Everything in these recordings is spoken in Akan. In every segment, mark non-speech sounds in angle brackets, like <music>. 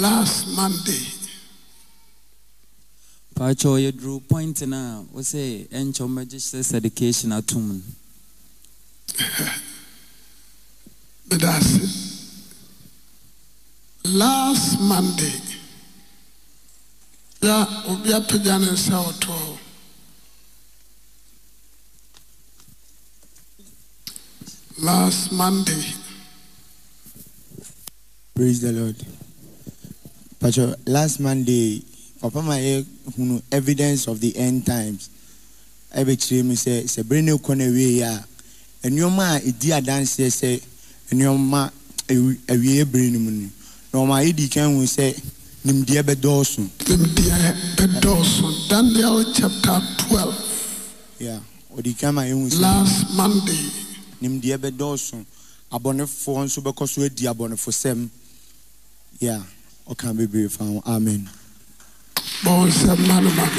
last Monday. Pacho, you drew point na we say encho magistrates education atum. <laughs> But that's it. Last Monday. Ya obi apagya ne nsa ɔtɔ. Last Monday. Praise the Lord. Pacho, last Monday, Papa my hunu evidence of the end times. I betray me say, say bring no corner way ya. And your ma, a dear dance, say, and your ma, a way bring money. No, my idiot can say, Nimdia bedosu. Nimdia bedosu. Daniel chapter twelve. Yeah. Odi kama ehun sɛ. Last Monday. Nimdia bedosu. Abɔnefoɔ nso bɛkɔ so e adi abɔnefo sɛm. Yeah. ɔka bɛbre faho amen bɛ sɛ manomao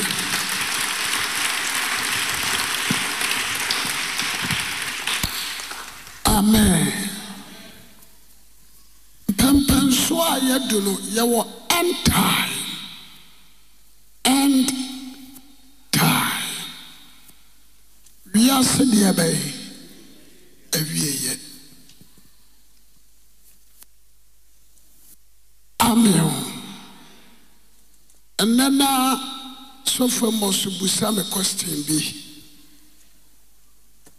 ame mpɛmpɛso a yɛdolo yɛwɔ ɛntie endtie wiasedeɛ bɛyɛ awie mme ɔ ɛnnɛ na sofoa mɔ sobusa me cɔsten bi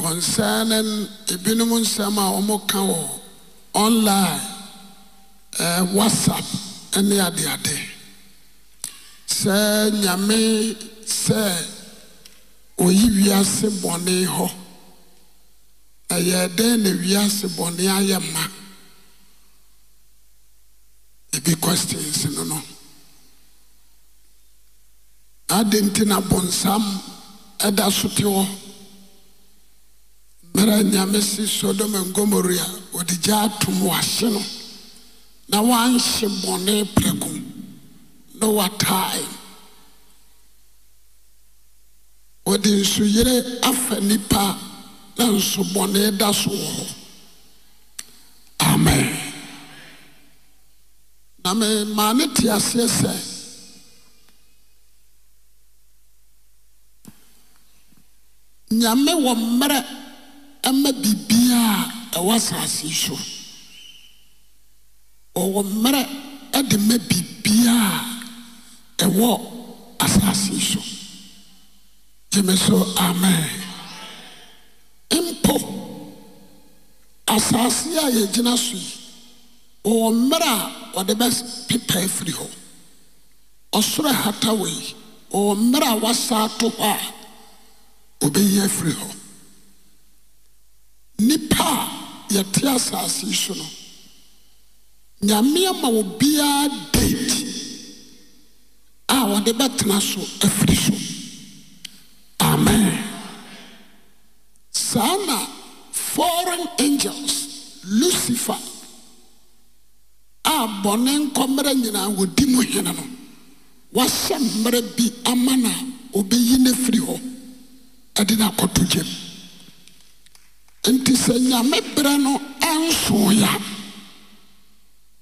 concarne n ebinom nsɛm a ɔmoka wɔ ɔnline eh, whatsapp ne adeade sɛ nyame sɛ ɔyi wiase bɔne hɔ na yɛ dɛn na wiase bɔne ayɛ ma ebi questions no no adɛn nti na bonsam ɛda so te hɔ mmara nnyame se sodoma gomoria ɔde gya tom wahye no na waanhye bɔnee praku ne wataa ɛn wode nsoyere afa nnipa a na nso bɔnee da so wɔ hɔ amen na memaa ne te aseɛ sɛ nyame wɔ mmerɛ ma a ɛwɔ asase yi so ɔwɔ mmerɛ de ma a ɛwɔ asase yi so gyeme so amen mpo asase a yɛgyina so yi ɔwɔ mmerɛ a wɔde bɛ pepɛ afiri hɔ ɔsoro hata wo yi ɔwɔ mmerɛ a woasaa to hɔ a ɔbɛya afiri hɔ nnipa a yɛte asase yi so no nyamea ma wɔ biara dedi a wɔde bɛtena so afiri so amen saa na foreign angels lucifer a bɔne nkɔmmerɛ nyinaa wɔdi mo hene no wahyɛ mmerɛ bi ama na ɔbɛyi ne firi hɔ ade ne akɔto dyam nti sɛ nyame berɛ no ansooya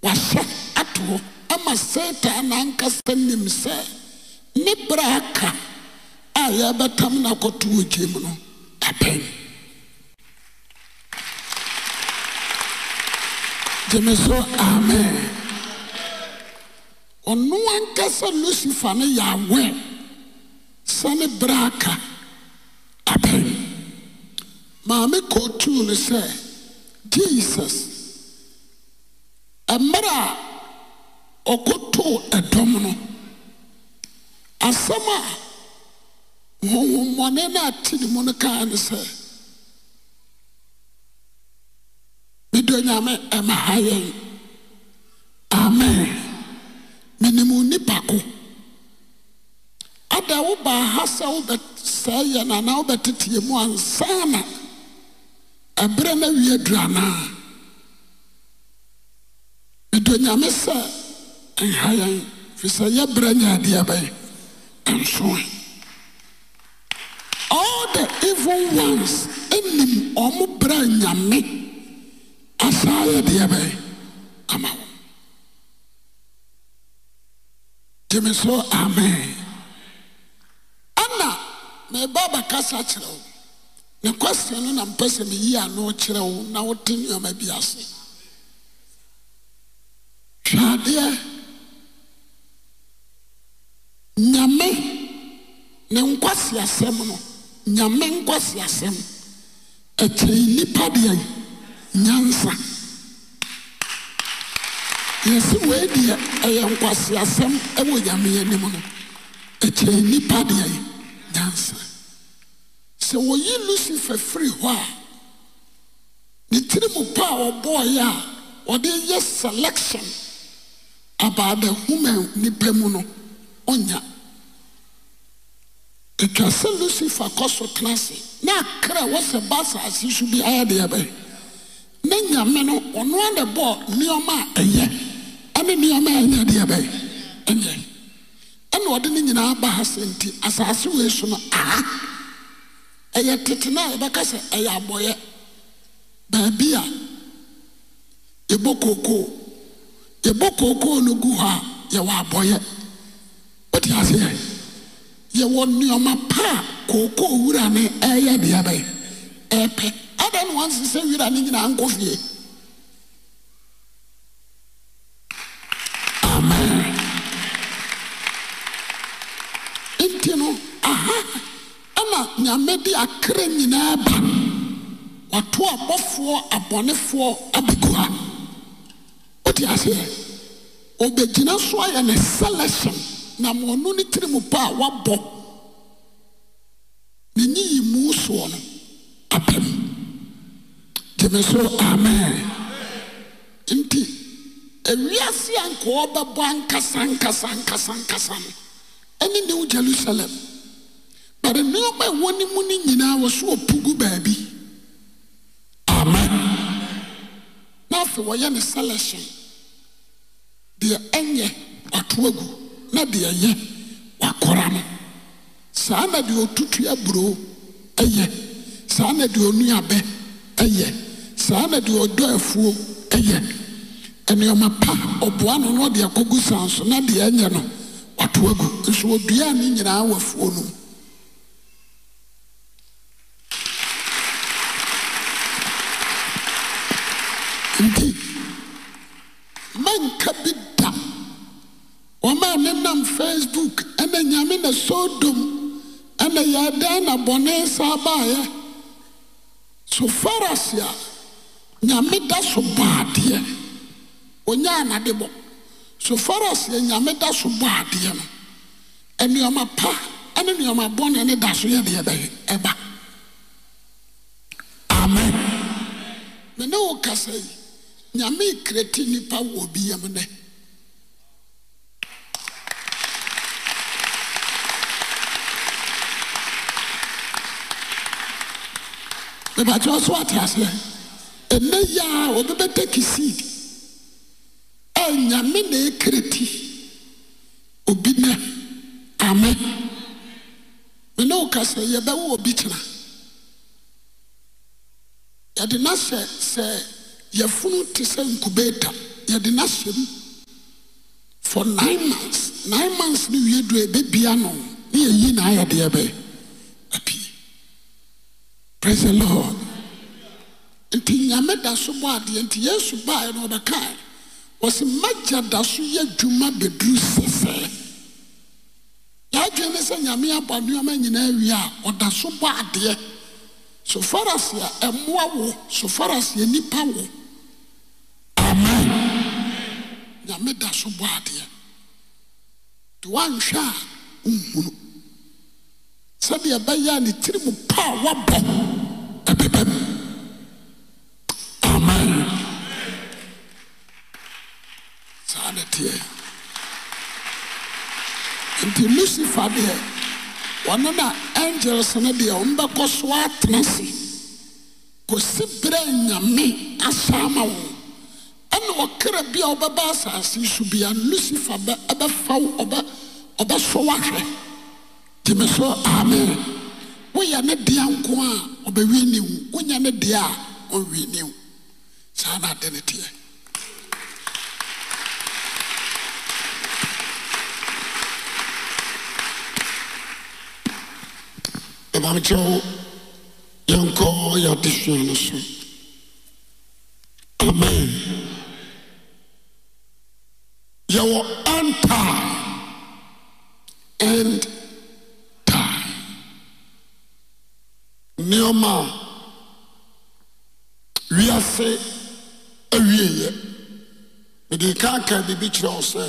wahyɛ ato hɔ ama satan naankasa nim sɛ ne brɛ aka a yɛabɛtam no akɔto ɔ gye m no abɛ geme so amen ɔnoankasɛ lucifa no yɛwɛ sɛne brɛaka apam maame katuu no sɛ jesus ɛmmarɛ a ɔkotoo ɛdɔm no asɛm a hohoummɔne na atide mu no kaa ne sɛ yamaha ɛn ame menim wo nnipa ko ada wo baaha sɛ wobɛsɛ yɛ n anaa wobɛtete yɛ mu ansan na ɛberɛ no wi aduru anaa meduonyame sɛ nha yɛn firi sɛ yɛ brɛ nyaadeɛ bɛyɛ nso all the evi ones nim ɔmo brɛ a nyame asaa yɛ deɛ ama wo gyeme so amen ɛna meba bɛkasa kyerɛ wo ne kwasea no na mpɛ sɛ meyi ano kyerɛ wo na wote bi ase hwɛadeɛ nyame ne nkwasiasɛm no nyame nkwasiasɛm ɛkyerɛ nnipa deɛ nyansa yɛ sɛ wadi yɛ nkwaseasɛm wɔ nyameyɛ nom no akyɛ nnipa deɛ yɛ nyansa sɛ wɔyi lucife fri hɔ a ne tirimu pa a ɔbɔɔeɛ a ɔde yɛ selection abaada homan nipa mu no ɔnya atwa sɛ lucife kɔ so knase ne akrɛ wɔsɛ basa ase so bi ayɛ deɛ bɛɛ ne nyame no ɔno ade bɔɔ nneɛma a ɛyɛ ɛne nneɛma a ɛnya deɛ bɛyɛ ɛnyɛ ɛna ɔde ne nyinaa ba ha sɛ nti asase wei so no aha ɛyɛ tete na yɛbɛka sɛ ɛyɛ abɔyɛ baabi a yɛbɔ kookoo yɛbɔ kookoo no gu hɔ a yɛwɔ abɔyɛ wote aseɛ yɛwɔ nneɛma pa a kookoo wura ne ɛyɛ deɛ bɛyɛ ɛɛpɛ ahe noanse sɛ wiraa ne nyinaa nkɔ fie n nti no aha ama nyame de akra nyinaa ba waato abɔfoɔ abɔnefoɔ abigoa wotiasɛ obɛgyina so ayɛ ne sɛlehyɛn na maɔno no tirimu pa a waabɔ nenyi yi mu soɔ no apɛm ti mi so amen nti awiase a nkaɔbɛbɔa nkasanaaasa no ne newo jerusalem bat nne ɔbɛ wɔ ne mu no nyinaa wɔ so ɔpu gu baabi amen na sɛ wɔyɛ ne sɛlesyon deɛ ɛyɛ atoagu na deɛ yɛ wakɔra no saa na deɛ ɔtutu aburoo yɛ saa na deɛ ɔnuabɛ yɛ saa na deɛ ɔdɔ afuo yɛ nneɛma pa ɔboa no na ɔde akɔgu san so na deɛ ɛnyɛ no wato agu nso ɔdua ne nyinaa wɔ afuo no mu nti manka bi da ɔma a nenam facebook ɛna nyame na sodom ɛna yɛadan na bɔne saa baeɛ so farase a nyame da so baadeɛ ɔnyaa nade bɔ so faras yɛ nyame da so baadeɛ no nneɛma pa ne nneɛma bɔne ne da so yɛ deɛ bɛyɛ ɛba amen me ne wo kasa yi nyame kreti nipa wɔ biam nɛ mebakyɛ so ɛnɛ yi a wɔbɛbɛtaki siid a nyame ne ɛkre ti obi no amen me ne woka sɛ yɛbɛwoɔ bi kyena yɛde na hyɛ sɛ yɛfunu te sɛ nkubeɛta yɛde n'ahyɛ mu fɔ 9in month nin mnth ne wiadua yɛbɛbia non ne yɛyi naayɛdeɛ bɛɛ apii prese lohoa nti nyame da sobɔ adeɛ nti yesu baɛ ne ɔbɛkaa wɔse magya da so yɛ dwuma bɛduru sɛsɛɛ yaadwee ne sɛ nyame abɔ anneɔma nyinaa wie a ɔda so bɔ adeɛ so farise a ɛmoa wɔ so farise nnipa wɔ aman nyame da so bɔa adeɛ di waanhwɛ a onhuru sɛdeɛ ɔbɛyɛ a ne tiri mo pa a woabɔ deɛ nti lucifer deɛ ɔno na angels no deɛ ɔmbɛkɔ so atena se kɔsi berɛ nyame asaa ma wo ɛna ɔkra bi a ɔbɛba asase so bia lucifer bɛfa wo ɔbɛsɔ wahwɛ nti me so amen woyɛ ne deɛ nko a ɔbɛwi ne wu, wonyɛ ne deɛ a ɔnwi ne wu. saa na ade teɛ manokyerɛ wo yɛnkɔ yɛ aditona no so amen yɛwɔ antie and ti nneɔma wiase awieɛ mede ka ka biribi kyerɛ wo sɛ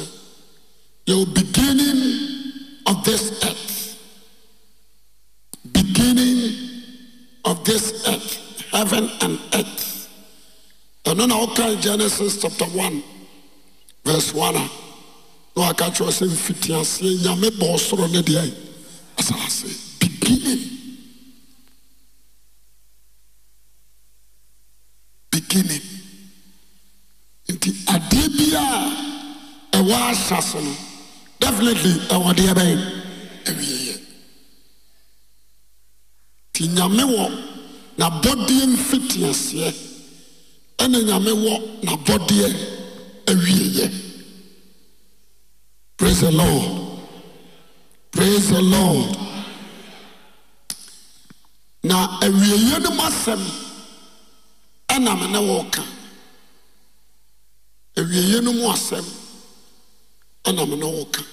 yɛwɔ beginning of this act of this earth, heaven and earth. ɛno na wokae genesis chapter 1 verse 1 a na waka kyerɛ sɛ mfitiaseɛ nyame bɔɔ soro ne deɛ asase beginning beginning nti adeɛ biaa ɛwɔ ahyase no definitely ɛwɔ deɛ bɛyɛ awieɛ nti nyame wɔ n'abɔdeɛ mfitiaseɛ ɛna nyame wɔ n'abɔdeɛ awieyɛ praise the lord praise the lord na awieyɛ no mu asɛm ɛna ne wɔreka awieyɛ no mu asɛm ɛna ne wɔreka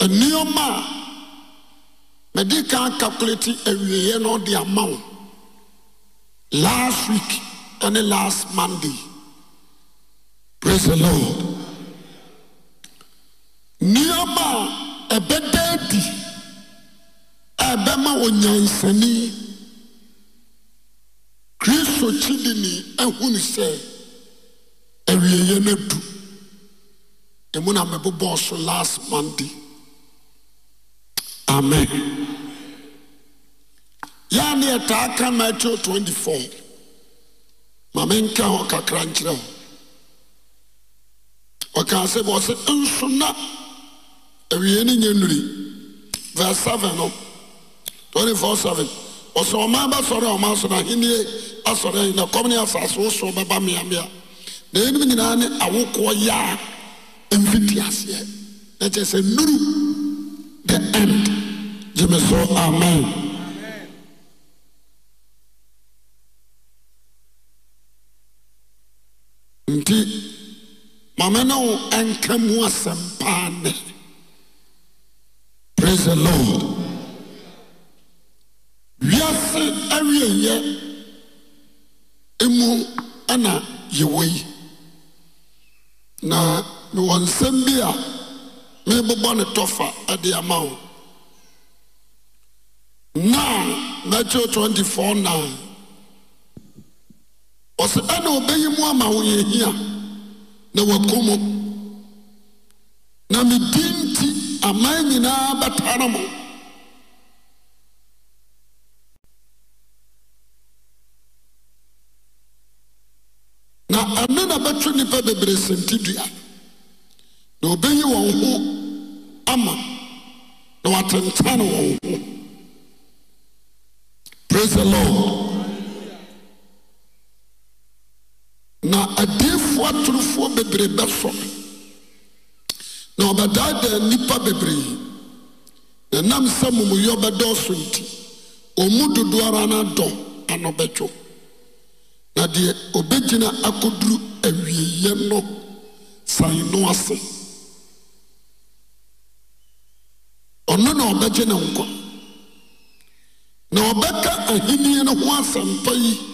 nneɛma a mede ka kakore te awieeɛ na ɔde ama wo last week ne last monday prase e lord nniɔma a ɛbɛdaadi a ɛbɛma ɔnyansani kristo kyidi ne ahu ni sɛ awieeɛ noadu emo na mebobɔɔso last monday amen yɛa ne yɛtaa ka matthew 24 ma menka hɔ kakra nkyerɛ ho ɔkaa sɛ bɛ ɔsɛ nso na awie ne nyɛ nnuri vers 7 no 24 7 ɔsɛ ɔma bɛsɔre a ɔma so no asɔrɔ na kɔm ne asase wosoɔ bɛba mmeammea na ɛnom nyinaa ne awokoɔ yɛa ti aseɛ na kyerɛ sɛ nnuru the end gye amen nti mamɛ no wo ɛnka mu asɛmpaa nɛ prais he lord wiase awiɛneɛ mu ɛna yɛwɔ yi na mewɔ sɛm bi a mebobɔ ne tɔfa adeɛma wo na matuo 249 ɔsɛ ɛna ɔbɛyi mu ama wo yɛ hia na wɔako na me nti aman nyinaa bɛtara mo na ɛno na bɛtwe nnipa bebree sɛntidua na ɔbɛyi wɔn ho ama na wɔatentane wɔn ho praise the lord na adiefoɔ atorofoɔ bebree bɛsɔ na ɔbɛdaadaa nnipa bebree na nam sɛ momuyɔ bɛdɔɔso nti ɔmu dodoɔ ara no adɔ ano bɛtwo na deɛ ɔbɛgyina akɔduru awieyɛ no san no ase ɔno na ɔbɛgye ne nkwa na ɔbɛka ahenni no ho asɛmpa yi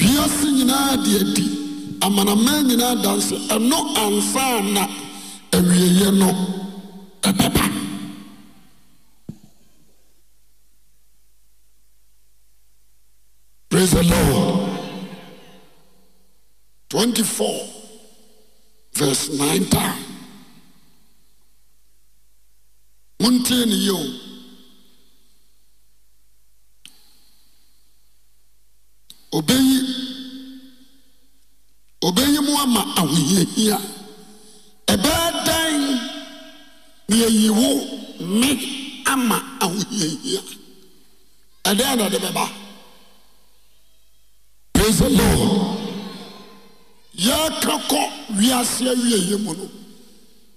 wiasɛ nyinaa de adi amanama nyinaa dan se ɛno ansaana awieyi no ɛbɛba prais e rd 24 vs 9t monte ne yɛo obɛyi mo ama ahohiahia ɛbɛyɛ dan yɛyi wo me ama ahohiahia ɛdɛn na ɛde bɛba praise the lord yɛreka kɔ wiase awieie mu no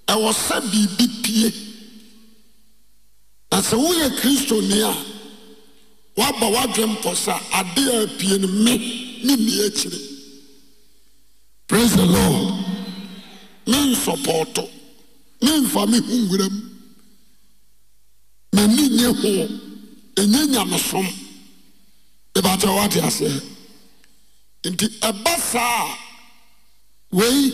ɛwɔ sɛ biribi pie na sɛ woyɛ kristoni a woaba w'adwe mpɔ sɛ a ade a pie no me ne mi akyiri pras e lord me nsɔpɔɔto memfa me hu ngura m mani nye hoɔ ɛnyɛ nyame som ɛbaga waade aseɛ nti ɛba saa a wei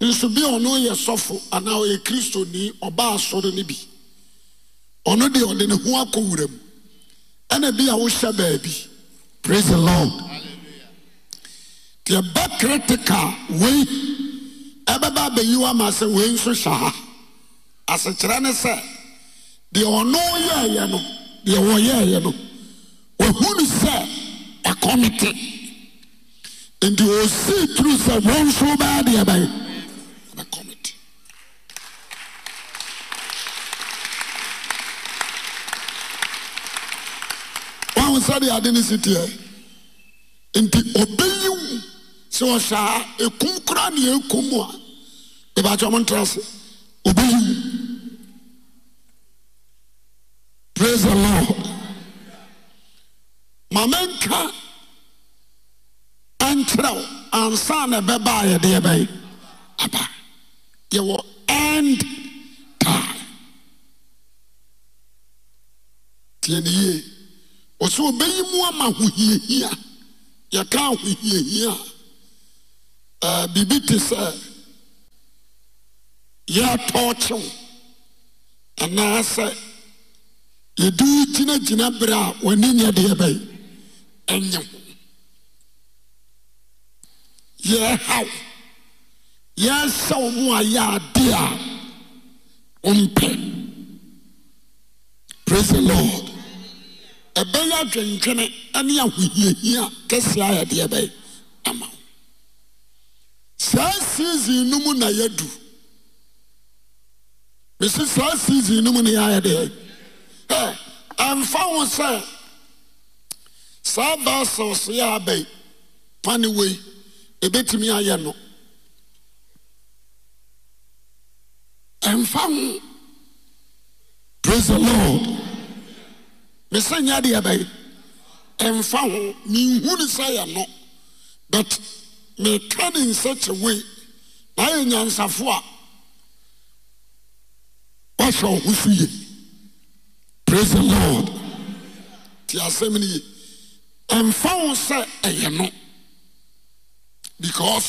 nso bia ɔno oyɛ sɔfo anaa ɔyɛ kristonii ɔbaasɔre no bi ɔno de ɔde ne ho akɔ wura m ɛna bi a wohyɛ baabi prase he lord deɛbɛ kritikal wei ɛbɛbaa bɛyiw ama sɛ wei nso hyɛ ha asekyerɛ ne sɛ deɛ ɔnoɔyɛyɛ no deɛwɔyɛeɛ no woahu nu sɛ akɔmity nti ɔsii turu sɛ wɔ nso bɛa deɛ ɛbɛyɛ sɛdedene siteɛ nti ɔbɛyi sɛ ɔhyɛa kumkora ne ɛkomu a ebɛatymotra sɛ ɔbɛyim pras lor mamɛnka nkyerɛw ansa ne bɛbaa yɛdeɛ bɛ aba yɛwɔ nd ta tiɛnyie o sɛ obɛyi mu ama ho hiehia yɛka ho hiehia a biribi te sɛ yɛrtɔɔ kyew anaasɛ yɛduru gyinagyina berɛ a w'ani nyɛ deɛ bɛ ɛnyɛ ho yɛehaw yɛasɛw mo a yɛade a wompɛ pras he lord ɛbɛyɛ adwendwene ne ahohiahia kɛseɛ a yɛdeɛ bɛyɛ ama wo saa season no mu na yɛadu mesi saa season no mu na yɛayɛdeɛ ɛ ɛmfa ho sɛ saa baasɛl so yɛ abɛn pane wei ɛbɛtumi ayɛ no ɛmfa ho praise the lord mesa nyɛ adeɛ bɛyɛ ɛmfa ho menhu ne sɛ yɛ no but meka ne in such a way na yɛ nyansafo a woahwɛ ɔho so ye praise the lord nti asɛm no ye ɛmfa ho sɛ ɛyɛ no because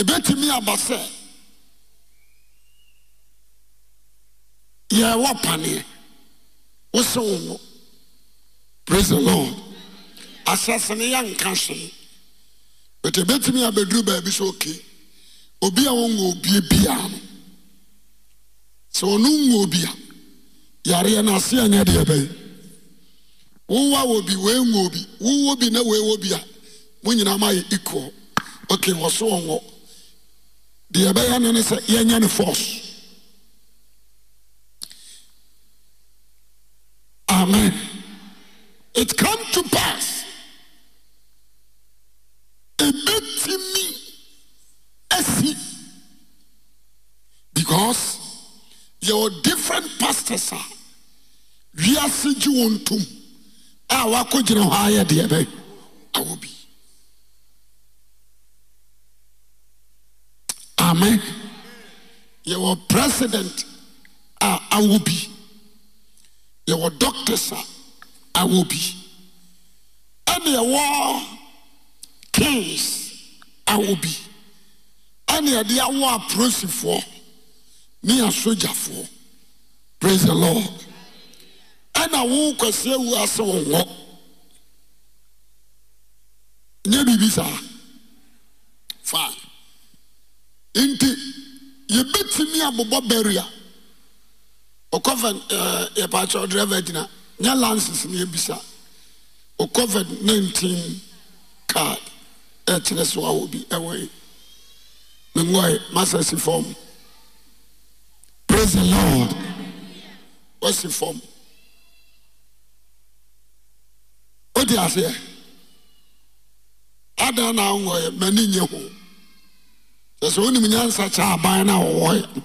ɛbɛtumi aba sɛ yɛwɔ paneɛ wo se wo wo praise the lord asase ne yɛnka hwee but ɛbɛtumi abɛduru baabi sɛ oke obi a wɔnwɔ obi biara no sɛ ɔno nwa obi a yareɛ no ase anyɛ deɛ bɛyɛ wowa wɔ bi wɔnwɔ bi wowɔ bi na wɔwɔ bi a mo nyinaa ma yɛ equal okay wɔ so wɔnwɔ deɛ ɛbɛyɛ no ne sɛ yɛnyɛ ne force wɔn a wakɔgyina hɔ ayɛ deɛ bɛ awɔ bi amen yɛwɔ president a awɔ bi yɛwɔ doctors a awɔ bi Any yɛwɔ kings awɔ bi ɛna yɛde awɔ apolisifoɔ ne asogyafoɔ praise the lord. ɛna wo kwasi awu ase wo wɔ nyɛ biribi saa fine nti yɛbɛtumi abobɔ barrier eh, ɔkɔfɛn ɛɛ yɛpaakyɛ ɔdrɛva gyina nyɛ lances ne yɛbisa ɔkɔfɛn nineteen card ɛkyerɛ eh, so a obi ɛwɔ eh, yi mengɔɛ masasi fam praise the lord wɔsi fam. aseɛ adan nanwɔɛ m'ani nyɛ ho ɛ sɛ wonnimnyansakyɛ aban na wɔwɔyɛ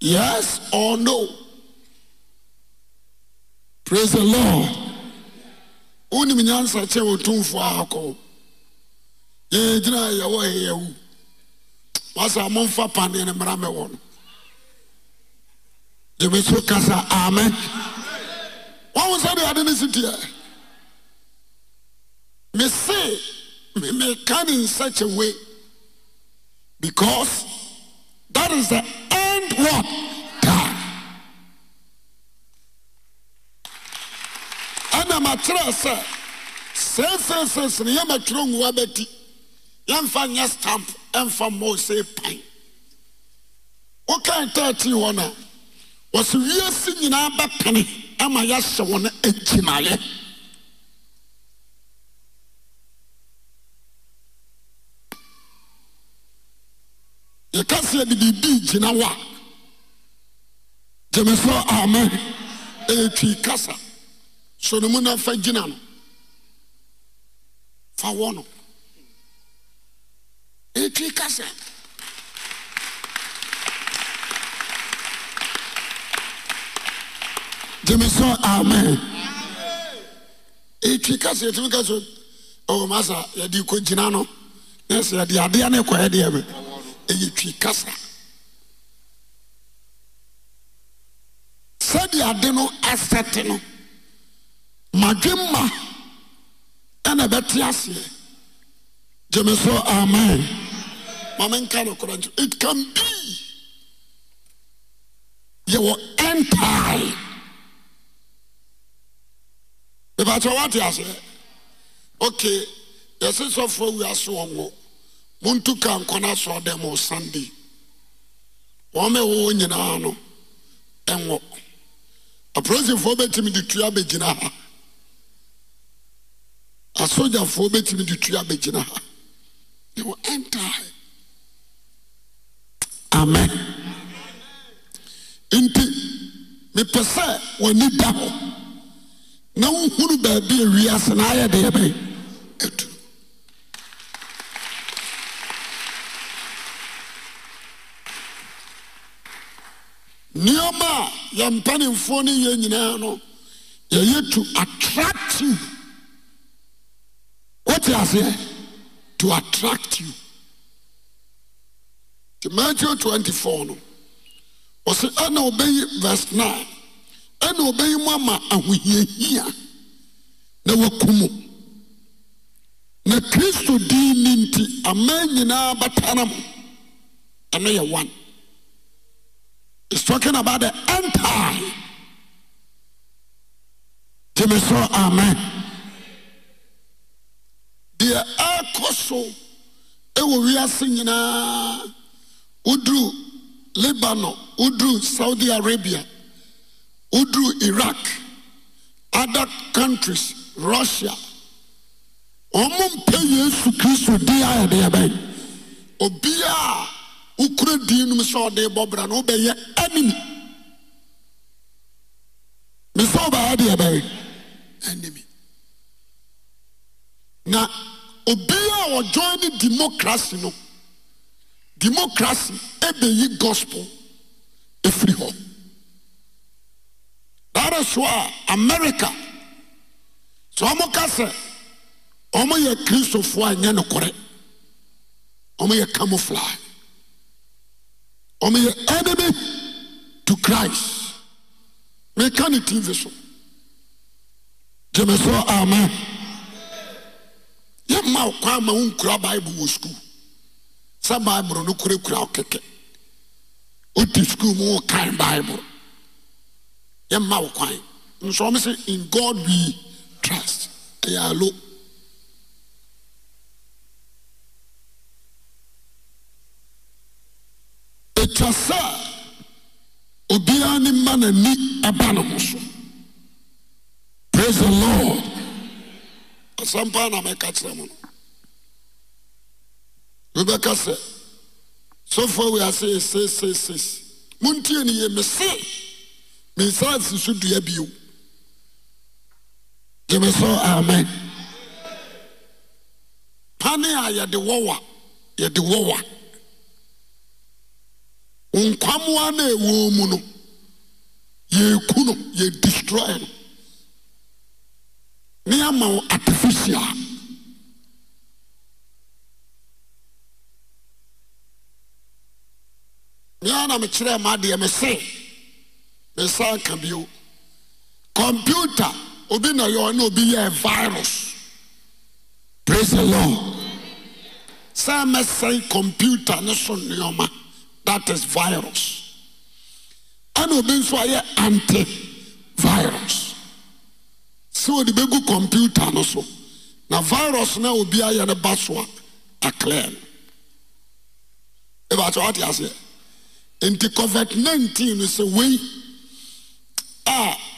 yes ɔr no pras e lor wonnim nyansakyɛ wo tomfoɔ aakɔ yɛɛ gyinaayɛwɔ yɛyawo woasɛ mɔmfa pane ne mmra mɛwɔ no demɛso kasa amen wowo sɛ de ade ne sitiɛ mesee meka n in such a way because that is he ɛnd wo ka ɛna makyerɛ sɛ seeseeseeseno yɛmatwerɛ nwua abɛdi yɛmfa nnyɛ stamp ɛmfa mae seepan wokae tati hɔ noa wɔsɛ wiasi nyinaa bɛtene ma yɛahyɛ wɔ ne agyinaeɛ yɛkaseɛdidirdii gyina w a gyeme sɛ ame ɛyɛtwii kasa sɔ no mu no fa gyina no fa wɔ no yɛtwii kasa gyeme so amen yɛtwii kasa yɛtumi ka so ɔwɔmaasa yɛde kɔgyina no ne ɛsɛ yɛde adeɛ ne ɛkɔɛdeɛ me ɛyɛ twii kasa sɛ de ade no asɛte no madwema ɛna ɛbɛte aseɛ gyeme sɔ amen ma menka nokora nty it can be yɛwɔ entie ebe atụ ọwa dị oke yasị sọfọ asụ ọgwụ mụ ntụ ka nkọ na-asụ ọdị mụ sande ọmụ ịwụ onye na-anụ ịṅụ apụrụsịfọ betụm dị tụọ abegyina ha asọjafọ betụm dị tụọ abegyina ha ị wụ ịnta ha amen ntị mepesa wani da hụ. na wohu nu baadi awieasenaayɛde yɛ bɛ nneɔma a yɛ mpanimfoɔ no yɛ nyinaa no yɛyɛ to attract you wote aseɛ to attract you ti matew 24 no wɔsɛ ɛna ɔbɛyi vers 9 ɛna ɔbɛyi mu ama ahohiahia na waku mu na kristo din ni nti aman nyinaa bɛtana mo ɛno yɛ one He's talking about the anti gyeme amen deɛ ɛkɔ so ɛwɔ wiase nyinaa Udu lebanon Udu saudi arabia uduru iraq other countries russia ɔmompɛ yesu kristo din a yɛde yɛbɛn obiaa wokura din sɛ ɔde bɔbra na wobɛyɛ enemy me sɛ ya de yɛbɛn enemy na obiaa ɔjoin ne democracy no democracy ɛbɛyi gospel efiri hɔ saa so a amerika sɛ ɔmoka sɛ ɔmoyɛ kristofoɔ a nyɛ nokorɛ ɔmoyɛ camouflage ɔmoyɛ enemy to christ meka ne tv so gyeme sɛ amen yɛmma wo kwan ma wonkura bible wɔ sukuu sɛ bible no kurakura wo kɛkɛ woti sukuu mu wokan bible ɛma wo kwan nsɔɔ m sɛ in god wii trust ayɛ alo ɛtra sɛ a obiaa ne ma nani aba no ho so prais he lord ɔsɛmpa nameɛka kyerɛ mo no wobɛka sɛ sofa wi asɛ ɛsesesesi montie no ye me se mensa si sudua bio dye me sɛ amen pane a yɛde wɔwa yɛde wɔwa nkwamoa na ɛwɔ mu no yɛku no yɛ distroy no ne amaw atefosiaa meɛ wa na mekyerɛɛ maadeɛ me sɛ mesan ka bio cɔmputa obi na yɔ ne obi yɛɛ virus pras elon sɛa mɛsɛe computa no so nneɔma that is virus ana obi nso ayɛ anti virus sɛ wode bɛgu cɔmputa no so na virus na obiaa yɛ ne ba soa aklaɛ no ɛbato wateaseɛ enti covid-19 n sɛ wei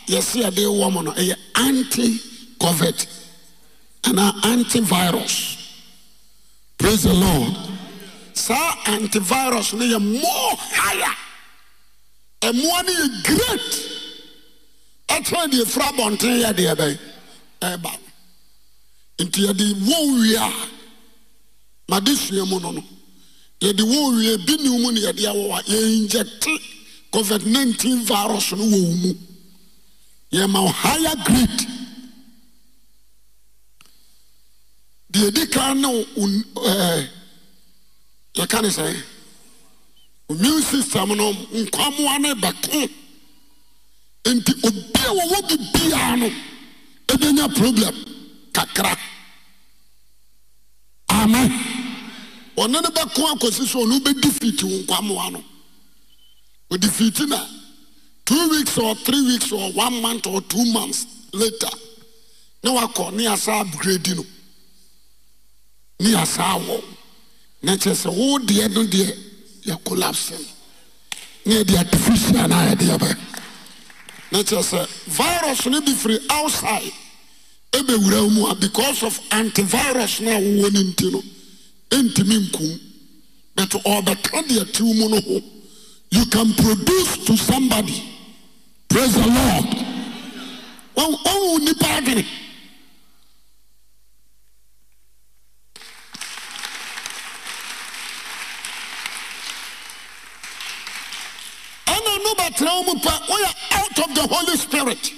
yɛsɛ yɛde wɔ m no ɛyɛ anti covid anaa antivirus prais the lord saa antivirus no yɛ mmɔ haya ɔmoa no yɛ grek ɛkɛ deɛfira bɔnten yɛdeɛ bɛ ba no nti yɛde wɔwie a made sua mu no no yɛde wɔwie bi neo mu ne yɛde ɛwɔw a yɛ inyɛte covid-19 virus no wɔ mu yɛma wo higher grade deɛ ɛdi kan ne eh, yɛka ne sɛ immune system no nkwamoa ne bɛko nti obi obia wɔwɔ bibiaa no ɛbɛnya problem kakra amen ɔne ne bɛko akɔsi so ɔno wobɛdi fiti wo nkwamoa no ɔdi fiti na two weeks or three weeks or one month or two months later ne wakɔ ne yasa upgrade no ne yasa awɔ na kyerɛ sɛ wo deɛ no deɛ yɛ collapse ne yɛde artificial na yɛde ɛbɛ na kyerɛ sɛ virus no bi firi outside ɛbɛwura mu a because of antivirus no a wowɔ no nti no ɛntumi nkum but ɔbɛka deɛ tiw mu no ho you can produce to somebody praise the lord ɔnwu nipa adwene ɛna no bɛtena wo mu pa woyɛ out of the holy spirit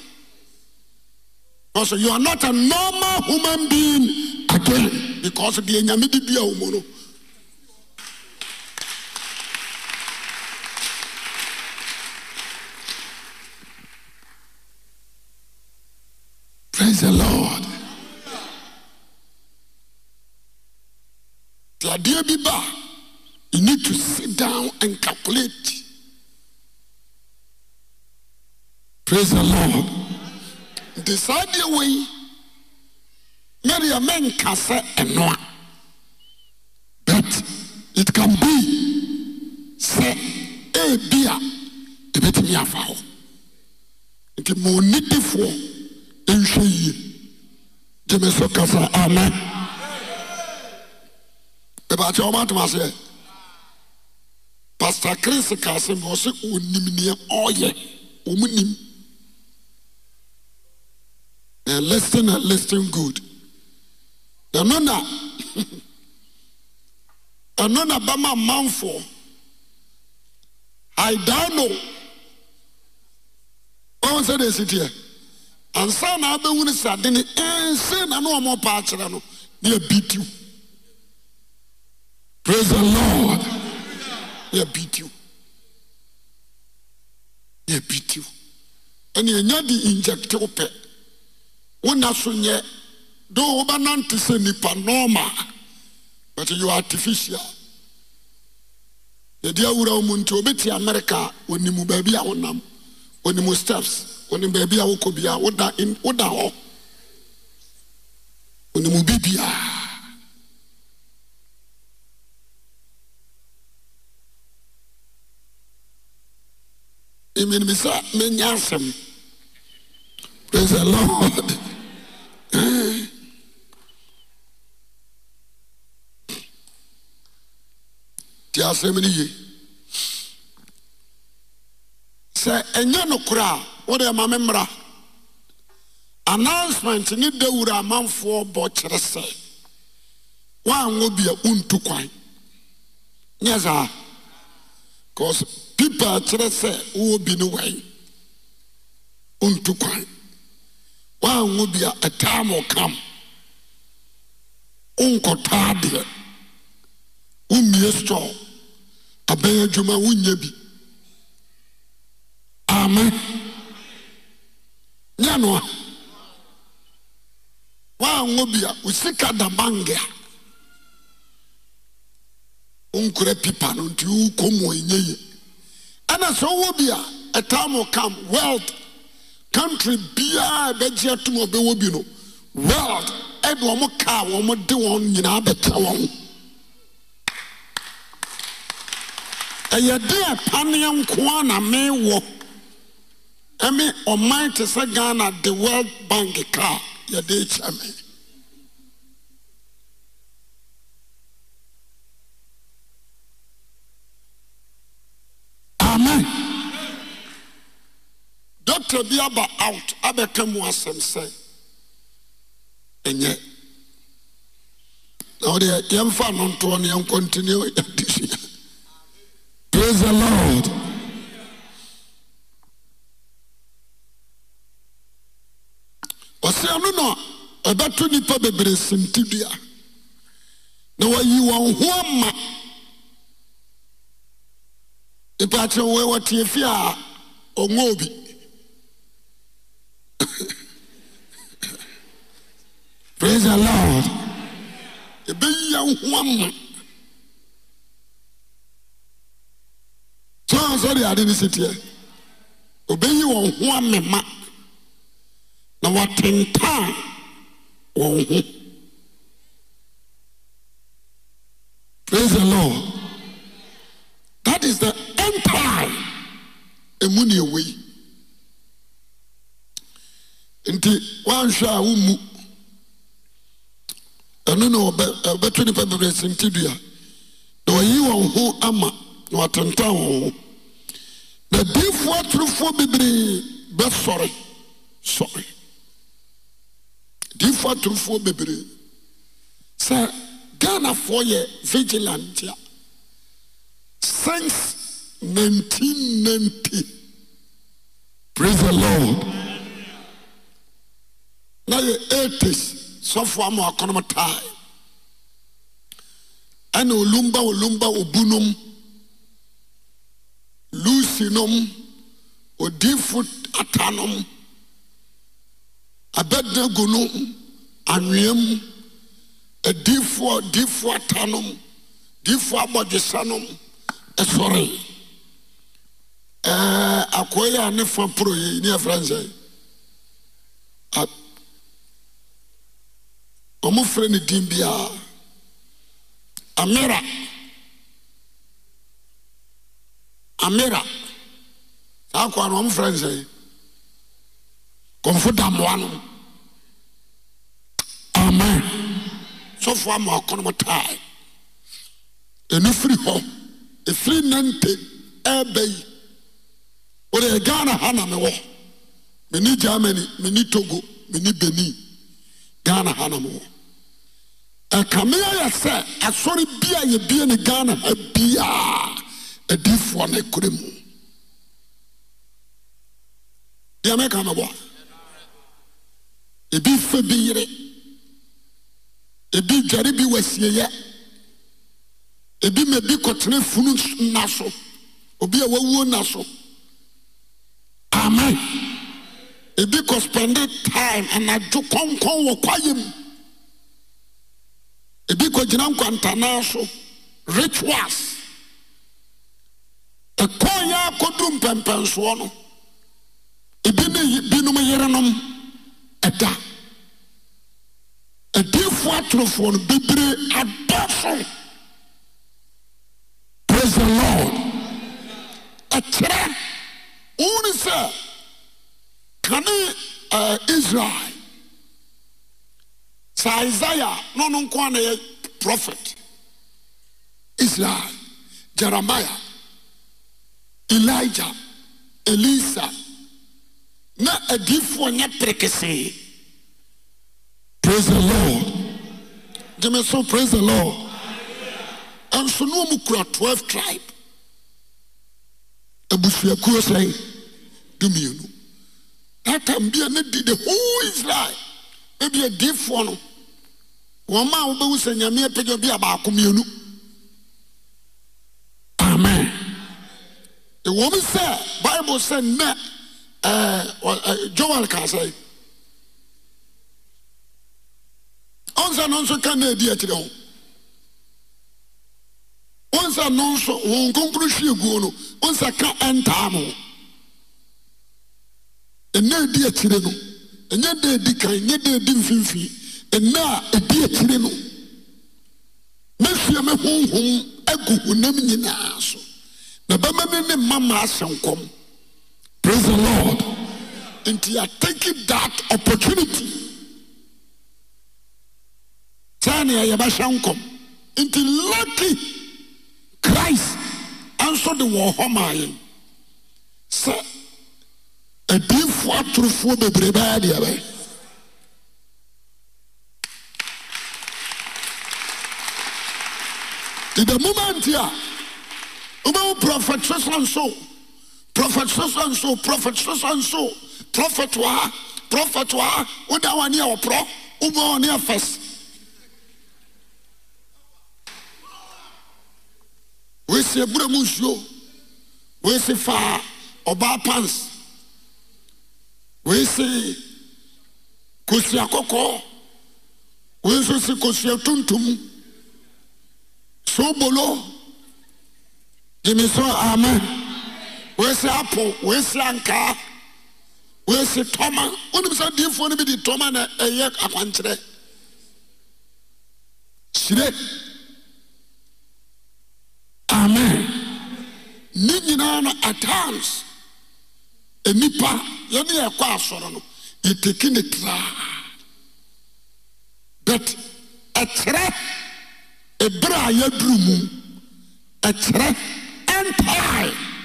because you are not a normal human being again because deɛ nyame de dua wo mu no ti adeɛ bi ba yined to sit down ancalculatepas lod nte saa deɛ wei mɛrea mɛnka sɛ ɛnoa but it can be sɛ ebi a ɛbɛtumi afa hɔ nti moɔni difoɔ hwɛie geme so kasa ama bɛbɛtye womatomaseɛ pasto kris ka se mwɔ sɛ ɔnimneɛ ɔyɛ wɔmunim liston a liston good nona ɛno na bɛma manfoɔ haidano wɛwɛ sɛde asiteɛ ansa na a bɛwu no sa adene nsee na ne ɔmɔpaakyerɛ no ne abi dio presien no ne abi dio ne abi ti ɛnne ɛnya de inyekte wo pɛ wona so yɛ de wobɛnante sɛ nnipa nnɔmaa bɛt yɛ artifisia yɛde awura wo mu nti wobɛti amerikaa ɔnimu baabi a wonam onim starps wone baabia wokɔbia woda hɔ onemobi biaa imenimisa mɛnya asɛm <laughs> tiasɛmne ye sɛ ɛnyɛ nokoraa wode ma me mmra announcement ne dawura amanfoɔ bɔ kyerɛ sɛ woanwɔ bi a wontu kwan nyɛ saa pipa kyerɛ sɛ wowɔ bi ne wai wontu kwan woanwɔ bi atam ɔkam wonkɔtaa deɛ wommie stɔɔ abɛn adwuma bi amen yɛ no a woanwɔ bi a wo sika da bank a wonkura pipa no nti wokɔ mu ɛnyɛ ye ɛna sɛ wowɔ bi a ɛtam kam world country biara ɛbɛgye atom ɔbɛwɔ bi no world ɛde wɔn kaa wɔn de wɔn nyinaa bɛtɛ wɔn ɛyɛ de ɛpaneɛ nko a na mewɔ me ɔman te sɛ gha na de world bank car yɛde kyɛme amen dɔta bi aba out abɛka mu asɛm sɛ ɛnyɛ na wodeɛ yɛmfa no ntoɔ no yɛnkɔntinueyɛdi sua pras e lord ɔsɛa no no ɔbɛto nnipa bebrɛsinti du a na wɔayi wɔ nhoa ma nipa akyerɛ wɔ wɔteɛfi a ɔwoɔbi <coughs> prais a lord ɔbɛyia nhoa ma ko sɛde ade ne siteɛ ɔbɛyi wɔ hoa mme ma wtenta wn ho pras lw that is e entie mu ne wi i nti woanhwɛ a womu ɛno na ɔbɛto nipa bebreasintidua na ɔyi wɔn ho ama na wɔatentaa wɔn ho na difo atorofoɔ bebree bɛsɔre sɔre difo atorofoɔ bebree sɛ ganafoɔ yɛ vigilantia sns 1990 prs lrd na yɛ etes sɛfoamo akonom taaɛ ɛne ɔlum ba olum ba obunom lusi nom ɔdifo atanom abɛdena gu nu anweam adifo difoɔ ata nom difoɔ abɔdwesa nom ɛsɔre ako yɛ ane fa poroyi neafrɛ nzɛe ɔmofrɛ ne din biara aera amera saa kowa ne ɔmofrɛ nzɛe fɔfo da mmoa no amen sɔfoɔ amoakonom taae ɛnu e firi hɔ ɛfiri e nante ɛbɛ e yi wodeɛ ghanaha na mewɔ meni germany meni togo meni benin ghane ha na mewɔ ɛka meɛyɛ sɛ asɔre bi a yɛbie ne ghane ha biaa adiifoɔ ne akura mu eɛ mɛka mɛbɔ a ebi fɛ bi yere ebi dware bi wɔ asieyɛ ebi ma bi kɔtene funu na so obi a wawuo na so amen ebi kɔspɛnde time anadwo kɔnkɔn wɔ kwaeɛ mu ebi kɔgyina nkwantanaa e so rituals ɛkɔn yɛ akɔduru mpɛmpɛnsoɔ no ebi ne binom yerenom ɛda adiyifoɔ atorofoɔ no bebree adɔfo praise the lord ɛkyerɛ wɔn ni sɛ kane ɛɛ israel sɛ isaiah na ɔno nko ara yɛ prophet israel jeremiah elijah elisa. na adiyifoɔ nyɛ perekesee prase he lord ge me so prase he lord nso ne ɔmkura 12 tribe abusuakuo sɛe de ien ɛtam bia ne di de hoe israel na bi adiyifoɔ no wɔmaa wobɛhu sɛ nyamea pagwa bi abaako mmien amen wɔm sɛ bible sɛ nnɛ djowal ah, ah, eh, ka sɛe ɔsa no nso ka ne adi akyirɛ ho onsa no so wɔ kronkno hwiaguo no ɔnsa ka ntaa mo ɛnɛ a ɛdi akyirɛ no ɛnyɛ da adi kan nyɛ daa adi mfiimfi ɛnaa ɛdi akyiri no mɛhua mɛ honhom agu honam nyinaa so na bɛmɛ ni ne mamaahɛnkɔm prase lord nti ya takin that opportunity sɛnea yɛbɛhyɛ nkɔm nti lucke christ anso de wɔ hɔ maayɛ sɛ abiefoɔ atorofoɔ bebrebaa deabɛ di damomant a womɛhu prɔfɛtre sonso profet so saneso profet so so neso profet wa profet waa woda waane a wɔporɔ woba wa ne afas weisi abura mu suo weisi faa ɔbaa pans wei si kosua akɔkɔɔ woi so se kosua tontom sɛ obolo geni so ama woisi apo woisi ankaa woisi tɔma wonnemsa diifoɔ no bɛ di tɔma na ɛyɛ akwankyerɛ hyire amen ne nyinaa no atawns anipa yɛne yɛkɔ asɔre no yɛteki ne traa but ɛkyerɛ berɛ a yɛadurumu ɛkyerɛ entire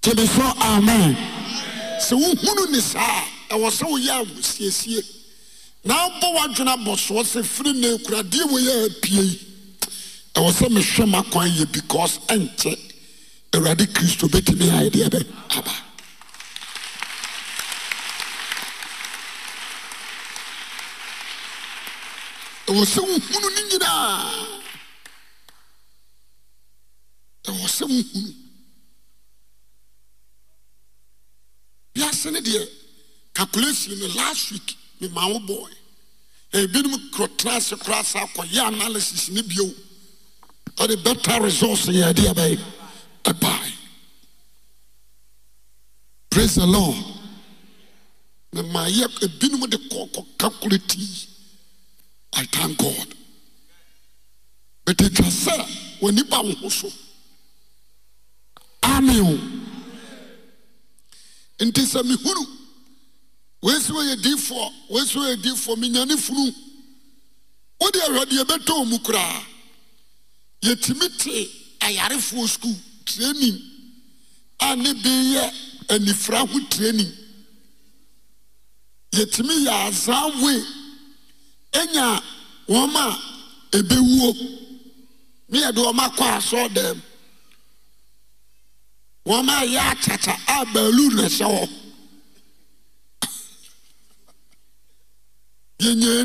kii s amen sɛ wohunu ne saa a ɛwɔ sɛ woyɛ awo siesie na bɔ w'adwene bɔsoɔ sɛ firi ne kura deɛ wɔ yɛa pie yi ɛwɔ sɛ mehwɛ ma kwa yɛ because nkyɛ awurade kristo bɛtumi aɛdeɛ ɛ abaɛɔ sɛ wohunu no yinaa wɔ sɛ wohuu biase no deɛ kakolesi no last week memaa wobɔɔɛ eh, binom kurɔtera asekoraasa kɔyɛ analysis ne bio ɔde better resource yɛ adeɛ abɛyɛ ba pras e lord ne ma yɛ binom de kɔɔkɔka kora ti i tank god bɛt atwa sɛ wannipa wo ho so amen nti sɛ mehunu wɔi sɛ wɔ yɛ diifoɔ wɔi sɛ wɔ yɛ difoɔ menyane funu wode ɔhɔde ɛbɛtɔ mu koraa yɛtumi te ayarefoɔ sukuul trening a ne be yɛ anifra ho trenin yɛtumi yɛ aza awoe ɔnya wɔmaa ɛbɛwuo meyɛde ɔma kɔa sɛɔ dam wɔma ɛyɛ akyakya a baalu na ɛhyɛ hɔ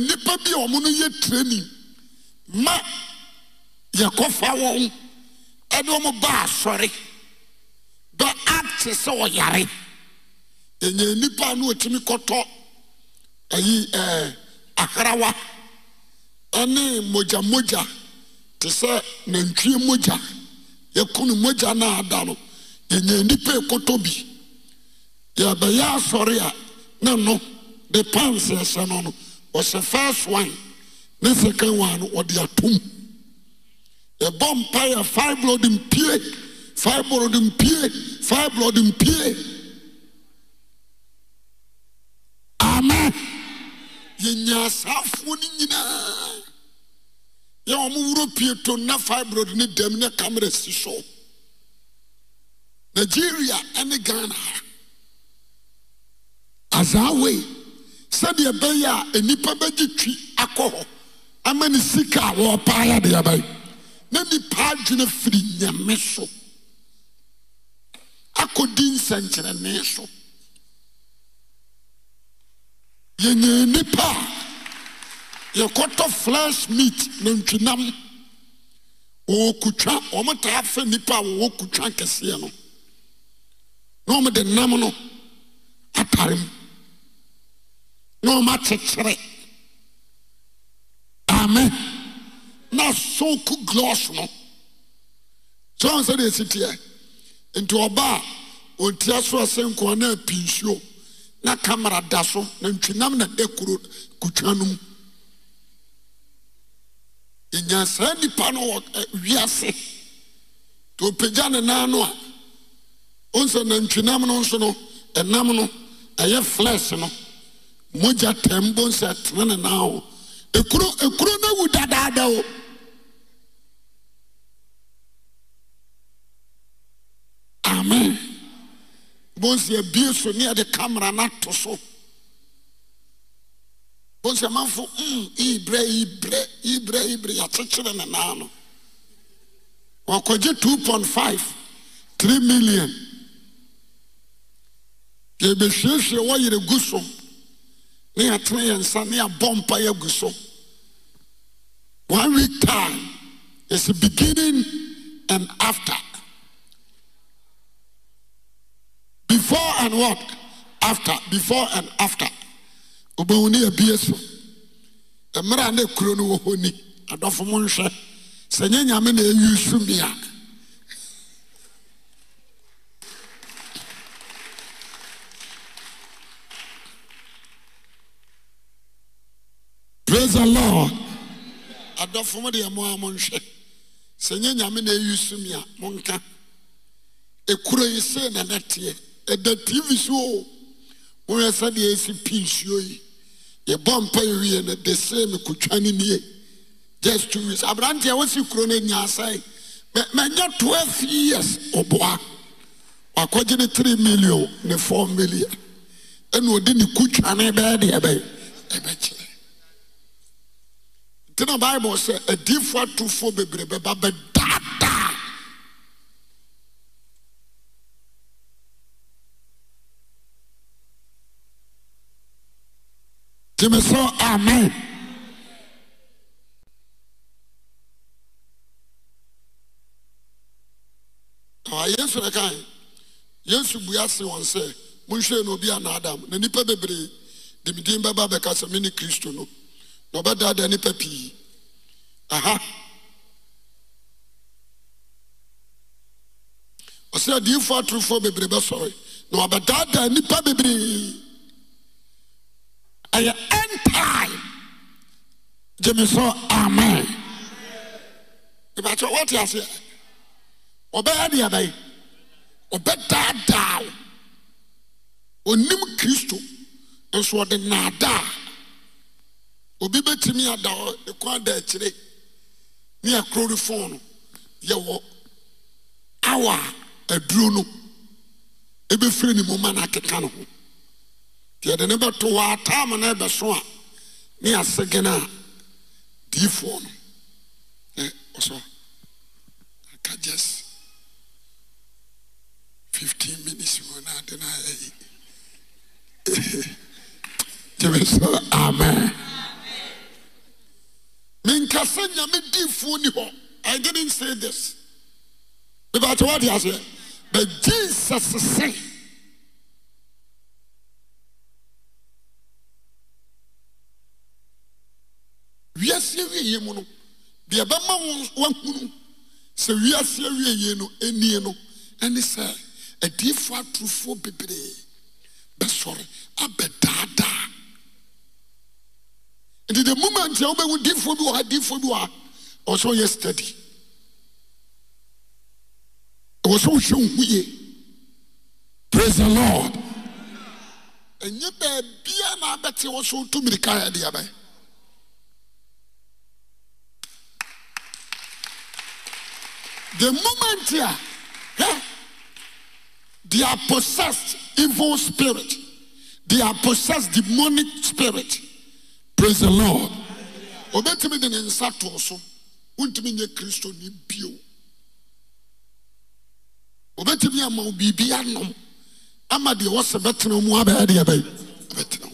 nnipa bi a ɔmo ma yɛkɔfa wɔn ɛde ɔmo ba asɔre bɛ ate sɛ ɔyare yɛnyɛ nnipa a no ɔtumi kɔtɔ ayi ɛɛ aharawa ɛne mogyamogya te yɛnya nnipa ɛkotɔ bi yɛbɛyɛ asɔre a ne no de pan sɛɛsɛ no no ɔsɛ fas1ne ne sɛcan wa a no ɔde atom ɔbɔ mpae a five blood mpie fi brod mpie five blood mpie ama yɛnya asaafoɔ no nyinaa yɛ wɔ mo wuro pie to nna fiv broad ne dam nɛ ka mera si so nigeria ne ghan ha aza wei sɛdeɛ ɛbɛyɛ a nipa bɛgye twi akɔ hɔ amane sika a wɔɔ paa yɛde ɛbɛye ne nnipa adwene firi nyame so akɔdin sɛnkyerɛnnee so yɛnya nnipa a yɛkɔtɔ flash meat nantwinam wɔwɔ kutwa ɔmɛtaa fa nnipa a wɔwɔ kutwa kɛseɛ no na ɔmde nam no atare mu na ɔma akyekyere ame na soku gloss no sɛ ɔn sɛdeɛ ɛsiteɛ nti ɔba a ɔntia so ɔsɛ nkoa na api nsuo na kamara da so na ntwinam eh, na da kuro kutwa no mu ɛnya saa nnipa no wɔ wiase nti ɔpagya ne naa no a bhusnantwinam no nso no ɛnam no ɛyɛ flesh no mogya tam bohu sɛ tene ne naa o ɛkuro no wu dadaada o amen bohus abie so ne ɛde kamara no ato so bhus mafo brɛyɛybrɛyibrɛ yɛakyekyere ne naa no ɔkɔgye 2.5 3 million yɛbɛhwiehwie wɔ yerɛ gu so ne yɛtene yɛ nsa ne yɛabɔ mpa yɛagu so one week time is beginning and after before and what after before and after wobɛhu ne yɛbie so mmerɛ a ne kuro no wɔ hɔ ni adɔfo mo nhwɛ sɛ nyɛ nyame na ɛyi so mi a sl adɔfo m deɛ mo a mo nhwɛ sɛ nyɛ nyame neasomu a monka ɔkuro yi see n nɛteɛ ada tv s o moɛɛsɛdeɛ si pinsuo yi yɛbɔ mpaie n de sem kutwaneni ests aberant ɛwɔ si kuro no yaasae manyɛ 12 yeas ɔboa akɔgyene 3 million ne fmiia nɔdne ktwaneɛɛde ɛ ɔbɛkyɛɛ tina bible sɛ adifo atofoɔ bebrebɛba bɛdaadaa sɛ aen yesu nekae yesu buaase wɔn sɛ monhweɛ ne obi anaadam na nnipa bebree dimdin bɛba bɛka sɛ meni kristo no ɔbɛdaadaa nnipa pii aha ɔ sɛ adiyifo atorofoɔ bebre bɛsɔre na ɔbɛdaadaa nnipa bebree ɛyɛ ɛnt dyeme sɛ amen nipɛkyɛɛ woti aseɛ ɔbɛyɛ deabɛɛ ɔbɛdaadaa o ɔnim kristo nso ɔde naadaa obi bɛtumi ada hɔ ne ada akyire ne akuro awa aduro no ɛbɛfiri ne no akeka ne ho nti ne bɛto ataama no ɛbɛso a ne a diifoɔ no gị ɔsɔ aka just minutes mu na ade na ayɛ <laughs> menkasa nyame diifoɔ ni hɔ i didn't say this But what he has said, but jesus se wiaseɛ wieyie mu no deɛ ɛbɛma woahunu sɛ wiaseɛ ye no Eni no ɛne sɛ adiifoɔ atorofoɔ bebree bɛsɔre abɛdaadaa the moment a wobɛhu difo i ɔha difo i h wɔsɛyesteda wɔsɛ whyɛ hu prais e lordnyɛ baabia mabɛte wosotoikaɛdeaɛ he moment a he a possessed evil spirit e apossessed demonic spirit pras e lord ɔbɛtumi de ne nsa toso wontimi nyɛ kristone bio ɔbɛtimi ya maw biribia nom ama deɛ wɔ sɛ bɛtena mu abɛadeɛ bɛ bɛtenɛ mu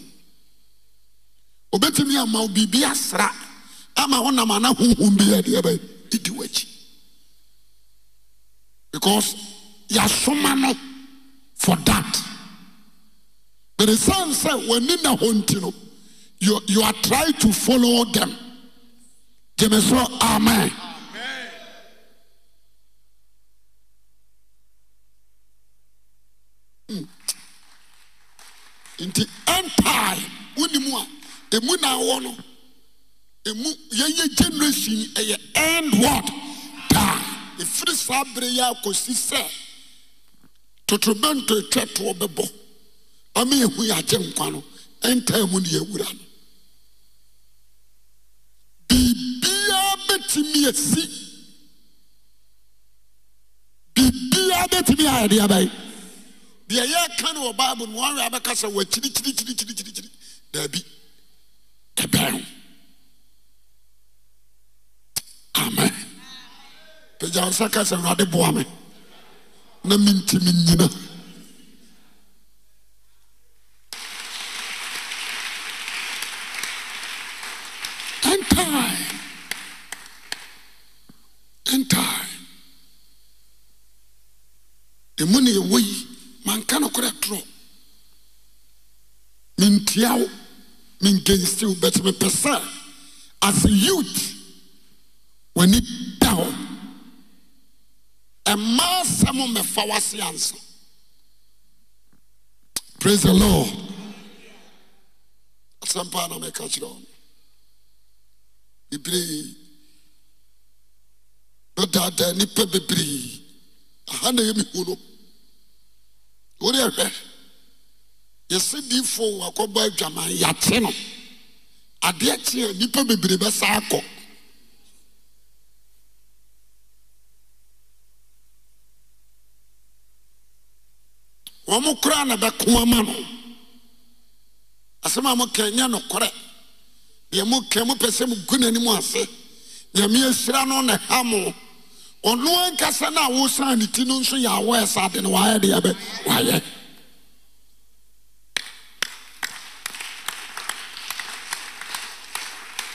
ɔbɛtimi ya mawo biribia asra ama wonam ana hohum bi adeɛ bɛ di w'akyi because yɛasoma no fɔ dat bɛre siane sɛ w'anim no hɔ nti no yoa try to foo de ee s amen hmm. nti ɛntie wonnimu a mu nawɔ no mu yɛyɛ gyenerason ɔyɛ ɛndwod taa ɛfiri saa aberɛ yɛ akɔsi sɛ totrobɛntɔ ɛtwɛtoɔ bɛbɔ ama yɛhu yɛagye nkwa no ɛnte mu ne yɛawura no bibiaa bɛtumi asi biribiaa bɛtumi ayɛde abɛyɛ deɛ ɛyɛ ka ne wɔ bible na wɔawe a bɛka sɛ wakyirikyiiiri daabi ɛba ho amen pagyansa kasa awurade boa me na mentim nyina ɛmu ne ɛwoyi manka nokorɛ tlɔ mentiaw mengensiwo but mepɛ sɛ asɛ youth w'ani taw ɛmasɛm mɛfa wase ansa prais e lord asɛmpaa nameɛka kyirɛ ebree ne daadaa nnipa bebree aha nɛ yɛ mihono wodeɛ hwɛ yɛsɛ diifoɔ wɔ wakọba adwaman yɛate no adeɛ kye a nnipa bebree bɛsa akɔ wɔn koraa na bɛko ama no asɛm a moka nyɛ nokorɛ deɛ moka mopɛ sɛ mogu n'anim ase nyame ahyira no na ha mo ɔno ankasa no a wosan ne ti no nso yɛ awɔɛ sa ade no wayɛ deɛ bɛ wayɛ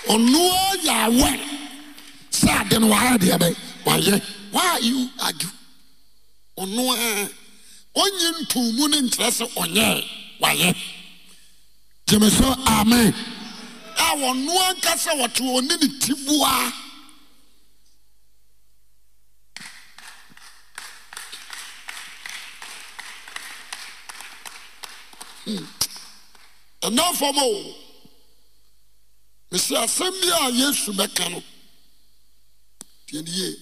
ɔno yɛ awɔɛ sɛ ade no wayɛ deɛ bɛ wayɛ why you argue ɔno a ɔnyɛ ntumu ne nkyerɛ sɛ ɔnyɛ wayɛ gyeme so amen a wɔno ankasa wɔte ɔne ne ti boa ɛnamfam o mesɛ asɛm biaa yesu bɛka no di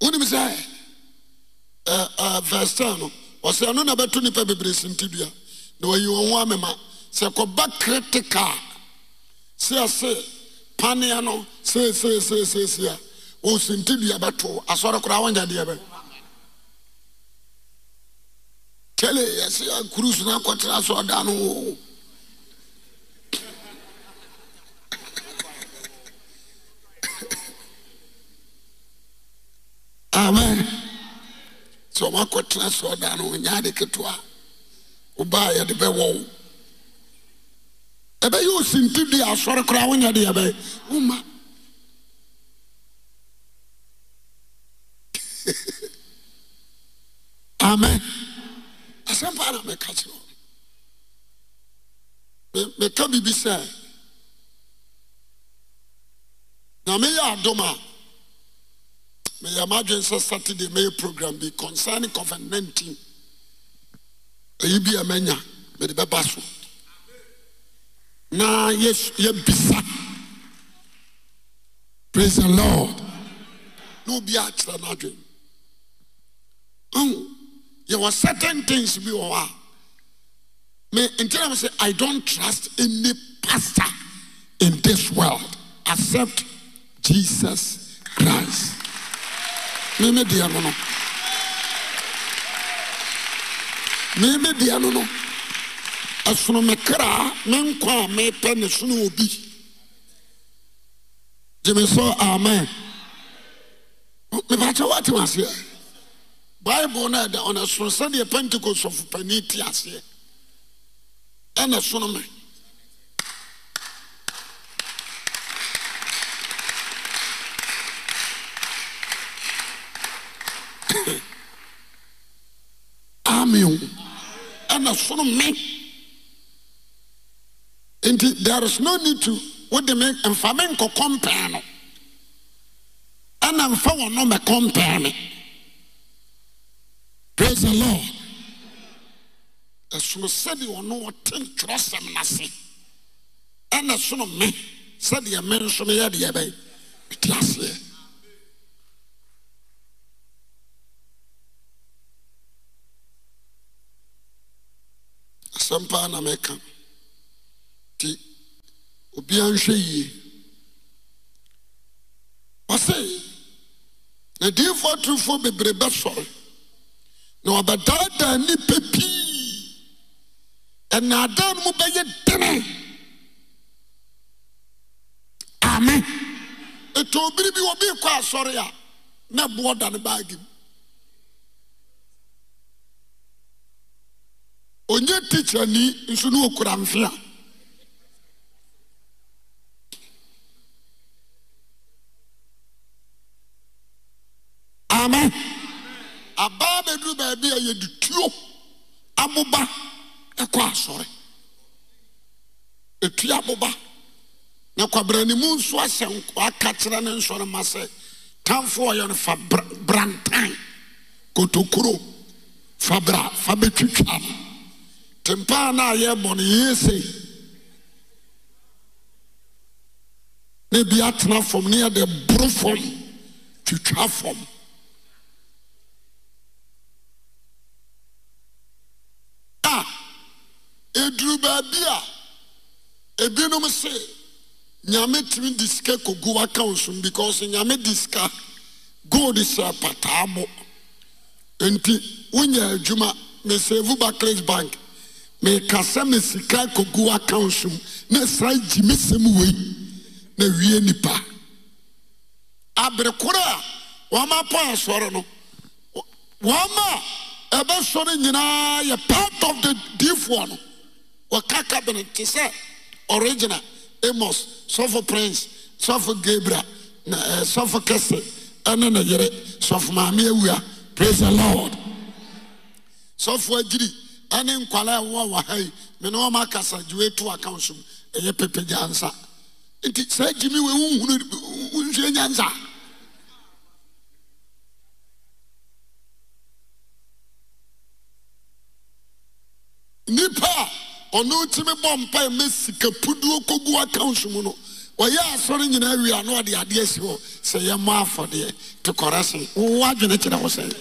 wonim sɛ vs10 no ɔsɛ no na bɛto nnipa bebre sintedua na ɔyi wɔ wo ame ma sɛ kɔbɛ kre tikaa siɛse paneɛ no seseeeese a wɔsintedua bɛtoo asɔre koraa wonya deɛ bɛ kee yɛsɛɛ kurus nokɔtena so ɔda noo am sɛ ɔmakɔtena sɛ ɔda no o nyɛadeketoa wobaa yɛde bɛwɔ wo ɔbɛyɛ ɔsintim de ɛ asɔre koraa wonyɛ de yɛbɛ woaa <laughs> na mɛka kyeɛ h mɛka biribi sɛ na mɛyɛ adɔm a meyɛ m'adwen sɛ saturday mɛyɛ programe bi consarn covid-19 ayi bi a mɛnya mede bɛba so na yɛbisa praise e lord ne wobiaakyerɛ m'adwen hu yɛwɔ sertain tings bi wɔɔ a entinam sɛ i dont trust any pastor in this world accept jesus christ me mɛdeɛ no no ɛsonome kraa menkaa mepɛ ne sono ɔbi demesɛ amen mepɛkyerɛ woatimaseɛ bible no ada ɔnasoro sɛdeɛ pentecost ofo pani te aseɛ ɛna sono me <coughs> ae ɛnasono me nti there's no need to wode me mfa menkɔ kɔmpɛa no ɛna mfa wɔ no mɛkɔmpɛa ne prasalo ɛsono sɛdeɛ ɔno ɔten twerɛ sɛ nomaase ɛnɛ ɛsono me sɛdeɛ me nsomeyɛdeɛ bɛ bɛte aseɛ asɛmpaa na meka nti obia nhwɛ yie ɔsɛi ne diifoɔ aturfoɔ bebre bɛ sɔre na ɔbɛdaadaa nipɛ pii ɛnaadaa nomubɛyɛ dene amɛ ɛtɔbiri bi wɔbeekɔ asɔre a na ɛboɔ dane baadi m ɔnyɛ teakyani nso ne ɔkura mfea a abɛ a yɛde tuo aboba ɛkɔ asɔre atua aboba na kwabranemu nso ahɛm akakerɛ ne nsɔne ma sɛ tamfoɔ ɔyɔ ne fabrantan kotokuro fabrafabɛtwitwa no te mpaa na ayɛ bɔne yee se ne bi atena fam ne yɛde boro fam twitwafɔm duubaabi a binom sɛ nyametumi di sika koguw accowsom because nyame di sika gold sɛ pataa bo enti wonyɛ adwuma mesɛavu bacclag bank meeka sɛ mɛsika koguw accownsom ne ɛsaa gyi mɛsɛm wei na wie nnipa abere korɛ a waama pɔasoɔre no waamaa ɔbɛsɔre nyinaa yɛ part of the difoa no ɔkaka bene te sɛ original amos sɔfo prinse sɔfo gabra sɔfo kese ɛne neyere sɔfo maame awua prasa loord sɛfo agyiri ane nkwale woawahai mene wɔma akasa dyo weto akao som ɛyɛ pepegya ansa nti saagyimi we wohunownsue nyansa nipaa ɔno wotumi bɔ mpaeɛ mɛ sika puduo kɔgo akaw som no ɔyɛ asɔre nyinaa wiea na ɔde adeɛ asi hɔ sɛ yɛma afɔdeɛ te kɔrɛ se wowɔ adwene kyerɛ wo sɛ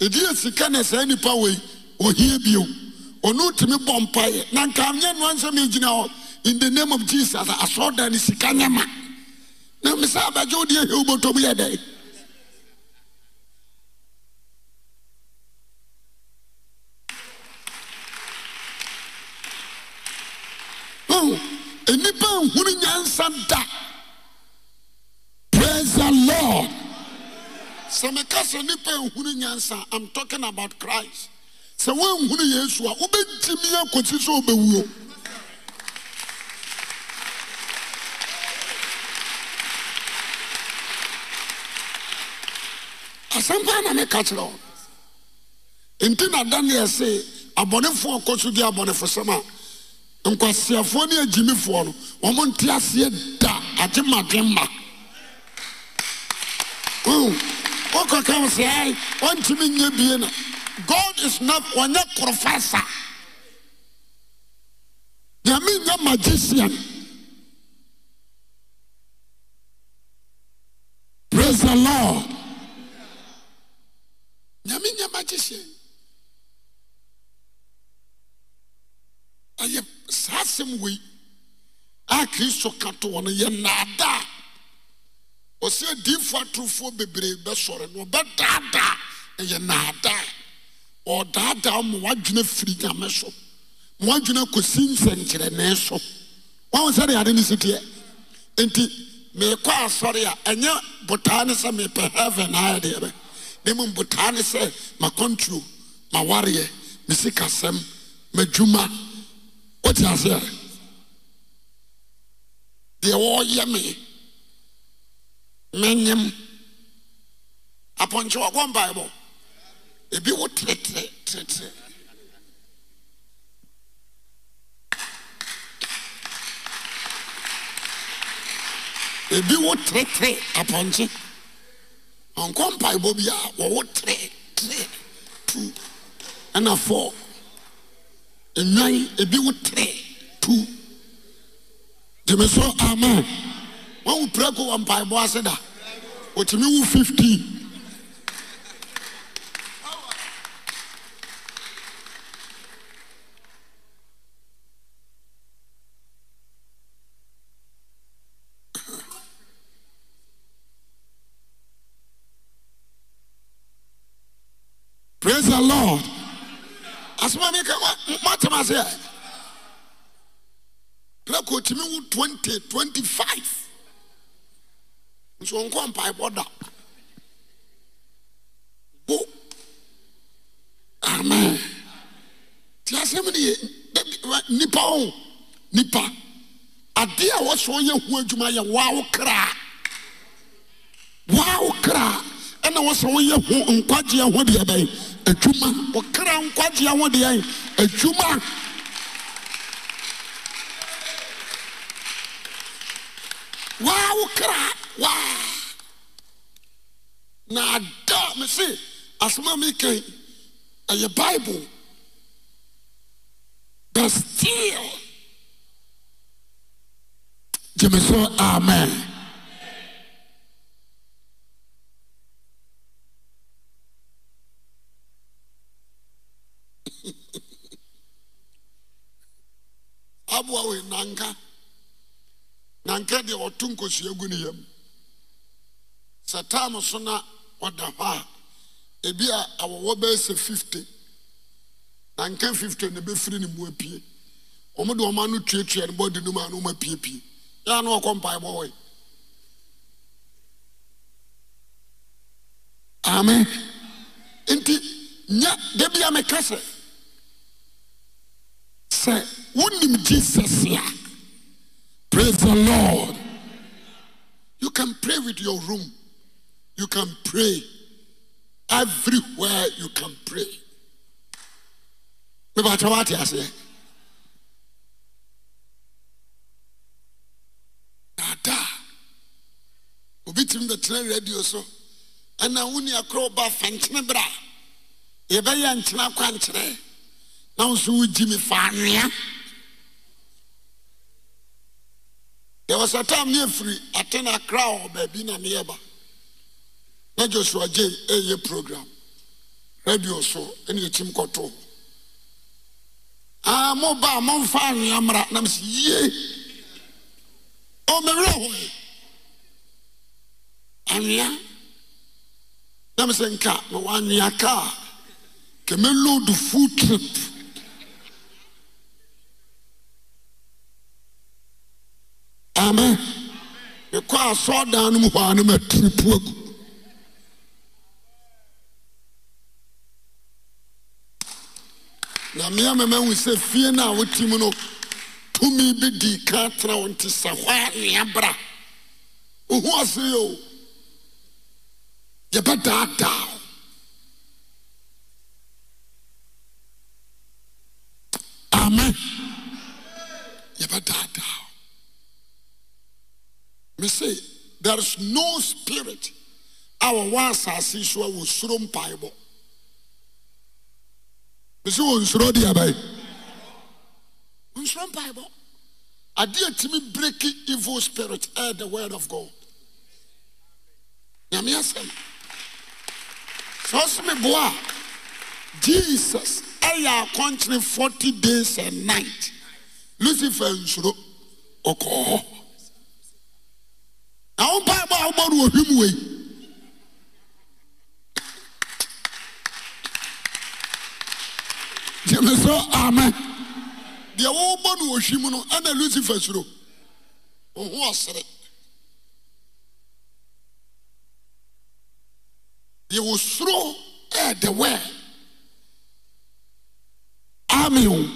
ɛdea sika ne saa nnipa woi ɔhiɛ bio ɔno otumi bɔ mpaeɛ na nkanyɛ noansɛmgyina ɔ n the name of jesus asɔre da ne sika nyɛma na mɛsɛ abagye wode ahew bɔtɔ m yɛ dɛ nnipa ahunu nyansa da pras lord sɛ meka sɛ nnipa ahunu nyansa am talkin about christ sɛ woanhunu yesu a wobɛgyimia koti sɛ wobɛwuo asɛmpaa na meka kyerɛ o nti nadanneɛ se abɔnefoɔkɔ so de abɔnefosɛm a nkwasiafoɔ ne agyimifoɔ no wɔn nte aseɛ da agyemadwe ma wɔkɔka wo sɛ ai wɔntumi nyɛ bie no god is not wɔnyɛ professor nyame nyɛ magician praise the lord nyame nyɛ magician saa asɛm wei a kristo ka toɔno yɛnaadaa ɔsɛ diifo atorofoɔ bebree bɛsɔre no ɔbɛdaadaa na yɛnaadaa ɔdaadaa ma w'adwena firi nyame so ma wadwena kɔsim sɛnkyerɛne so waa wo sɛre ane ne siteɛ nti meekɔ asɔre a ɛyɛ botaa ne sɛ meepɛ heven ayɛdeɛrɛ na mo botaa ne sɛ makontro mawareɛ mesika sɛm madwuma woteasɛ deɛ wɔyɛ me mɛnyem apɔnkye okɔn bible biwo trɛtrɛɛtrɛ ɛbi wo trɛterɛ apɔnkye ɔnkɔmpaibo bia wɔwo terɛtrɛ tu ana fo nnan ebi wo tere tu tèmi so amen wọn wò pray kó wọn mpaebọ ase da òtìmí wò fifteen. Praise the Lord. Asoma mi kẹ́ sɛ krako tumi wo 2025 sɔkɔmpabɔda a ntiasɛm ne nipa o adeɛ a wɔsɛ woyɛ ho adwuma yɛ wa w kra a wo kraa na wosɛ woyɛh nkwagye aho biabɛɛ adwuma wɔkra nkwagye a wɔde yɛn adwuma waa wo kra waa na ada me se asoma mi kan ɛyɛ bible but still gyeme so amen <laughs> aboa wei nanka nanka deɛ ɔto nkosua gu ne yam sɛ taam so na ɔda hɔ a ebi a awɔwɔ bɛyɛ sɛ nanka na ebɛfiri ne mu apie wɔn de wɔn ano tuatua ne bɔdi no mu a na wɔn apiepie yɛn ano ɔkɔ mpaebɔ wɔ amen nti nye debi a meka say, wouldn't jesus a praise the lord you can pray with your room you can pray everywhere you can pray mebakyɛ woate aseɛ daadaa obi tiri bɛtena radio so ɛna wo nua korɔ ɔba fa nkyene berɛ a yɛbɛyɛ nkyena na wo so wogyi me fa awea dɛɔsatam ne afiri atene akra ɔɔ baabi na meyɛba na dyosoadyee ɛyɛ program ra biɔ so ne ɛkim kɔto hɔ moba a momfa ahwea mmra na m sɛ yie ɔmɛwerɛ hɔe awea na me sɛ nka mewɔ anweaka a kɛmɛlodo footu ekɔasɔ ɔdaa nom hɔ a nom aturi poagu nameama mahu sɛ fie no a wotim no tumi bi dii ka tena wo nti sɛ hɔ a neabra wohoɔsɛ yɛo yɛbɛ daadaa me say there is no spirit our was asase so a wɔsuro mpaebɔ me sɛ wɔnsuro de abae wɔnsuro mpaebɔ adeɛ tumi break evil spirit air the word of god nyame asɛm sɛ ɔso meboa a jesus ɛyɛ akɔnkyere 40 days and night lucifer nsuro ɔkɔɔ hɔ awompaba wobɔ no ɔhimwi sɛ amen deɛ wɔwbɔ no wɔ hwi m no ɛna lucife suro o hoɔsere deɛwɔsuro ɛdewɛ ame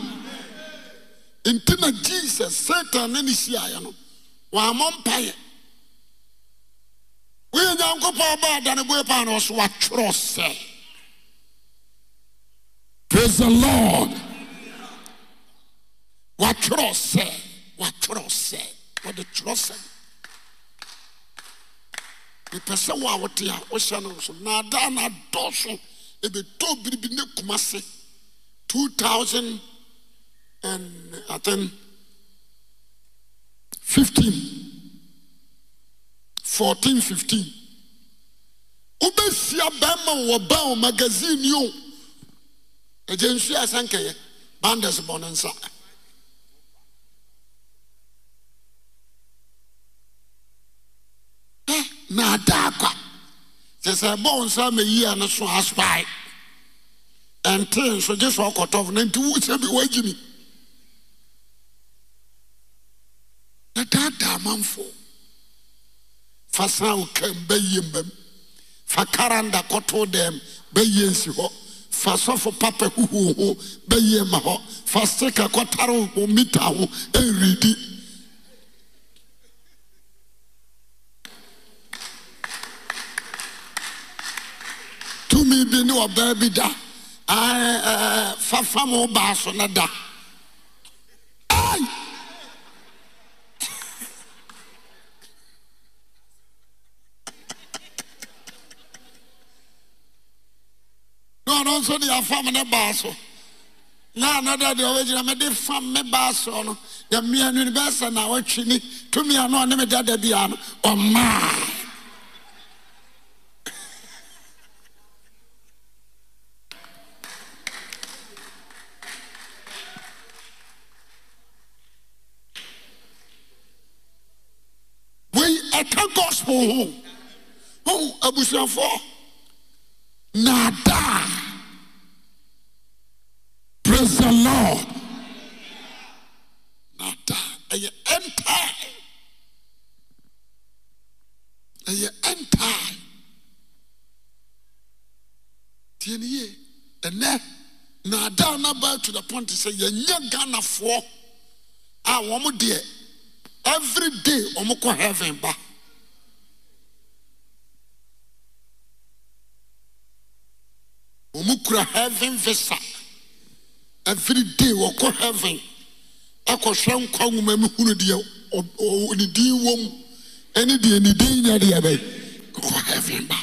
nti na jesus satan ne ne siayɛ no ɔamampayɛ woyɛ nyankopɔn ba adaneboe paa na ɔso watwerɛ sɛ praise the lord watwerɛ sɛ watwerɛ sɛ wɔde twerɛ sɛ mepɛ sɛ wo a wote a wohyɛ no so naadaa na adɔso ɛbɛtɔ biribi ne kuma 2000 and I think 15 Fourteen, fifteen. 15. Wobɛhyia bɛrima wɔ bɛn o magazine ni o. Ɛgye nsu a sankɛyɛ. Banders bɔ ne nsa. Eh, na adaa kwa. Sɛ sɛ ɛbɔ wo nsa ma yi a ne so aspae. Ɛnte nso gye sɛ ɔkɔtɔ na nti wo sɛ bi woagyi ni. Na daadaa manfoɔ. fasawokambɛymam fa karanda kɔto dam bɛyensi hɔ fa sɔfo papɛ hohoo ho bɛyɛma hɔ fa sika kɔtarehoho mita ho bne ɔbaa bi dafafamobaa so ne da nso deɛ afam me ne baa so na anada deɛ ɔbɛgyina mede fa me baa soɔ no yɛmmianu no bɛsɛ na wɔtwe ni tumi a na ɔne me dada bia no ɔmaa wei ɛka gospel ho ho abusuafoɔ naadaa Praise the Lord. Nada. Ɛyɛ empire. Ɛyɛ empire. Tie ni yie. Ɛnɛ nada anaba to the point sɛ yɛnyɛ Ghanafoɔ a ah, wɔn deɛ every day wɔn kɔ heaven ba. wɔn heaven visa. everyday wɔkɔ heaven ɛkɔhwɛ nkwa woma mhunu deɛ nedin wɔm ne deɛ nedin nyɛdeɛ bɛ kɔ heaven ba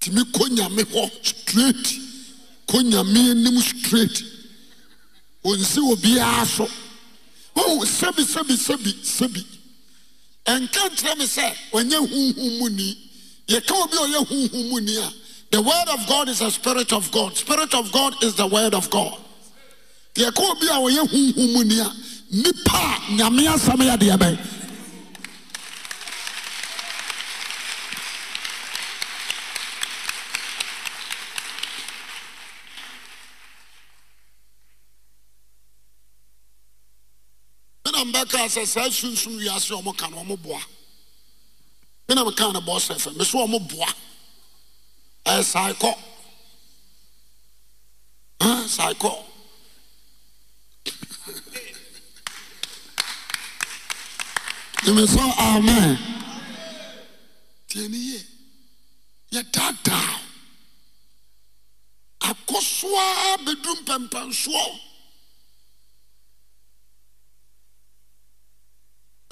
ntimi konyame hɔ strat konyamenom strat ɔnsi ɔ biaa so sɛbiɛɛsɛbi ɛnkɛ nkyerɛ me sɛ ɔnyɛ humhummuni yɛka obi a ɔyɛ hohumunii a The word of God is the spirit of God. Spirit of God is the word of God. The ekobi nipa nyamia samia diabe. mbaka sunsun wiase ɔmo kan ɔmo boa. na bɔ sɛfɛ ɔmo boa. sikik m so amen ntiane ye yɛdaadaa o akosoaa bɛdu mpɛmpɛnsoɔo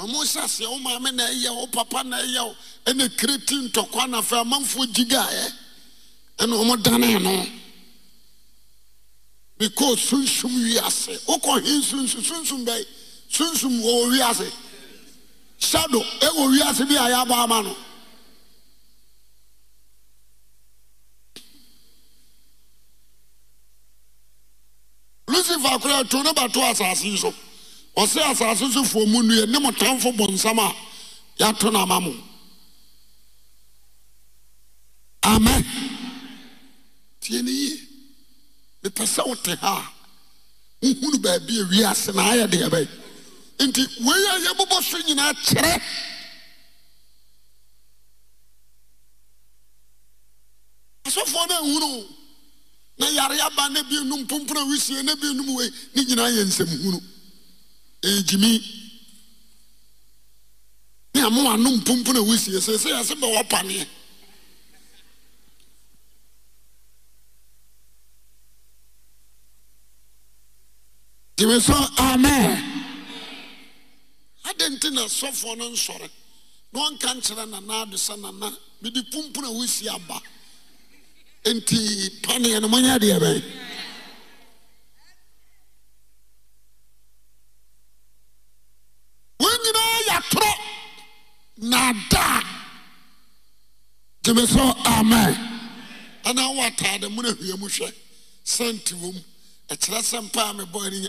amosɛ asiɛ wo maamɛ na ɛyɛwo wo papa na ɛyɛwo ɛnɛkre ti ntɔkoa nafɛ amanfoɔ gyigaeɛ ɛɔmdaneno because sunsum ase wokɔheunsu bɛ sunsum ɔɔ wiase shado ɛwɔ wiase bi a yɛabɔ ama no lusife koraa to ne bato asase so ɔsɛ asase nso foɔmunuane mtamfo bɔnsam a yɛato no ama mu a yɛneyie mepɛ sɛ wo te haa wo hunu baabi a wie ase naayɛ deɛ bɛ nti wei ayɛ bobɔ so nyinaa kyerɛ asofoɔ ne ahunoo na yareaba na bianom pompun a wosie ne binom wei ne nyinaa yɛ nsɛmhunu ɛɛgyimi ne amoa nompompun a wosie sɛ sɛ yɛse bɛwɔ panneɛ yeme sɛ aman adɛ nti na sɔfoɔ no nsɔre na ɔnka nkyerɛ nanaa ado sa nanaa mede pompunu a wosie aba nti paneɛ no monyɛ deɛ mɛ wo nyinaa yɛtorɔ naadaa geme sɛ ama anaa wo ataa de mono hiam hwɛ sɛnti wɔm ɛkyerɛ sɛ mpa a mɛbɔ aninya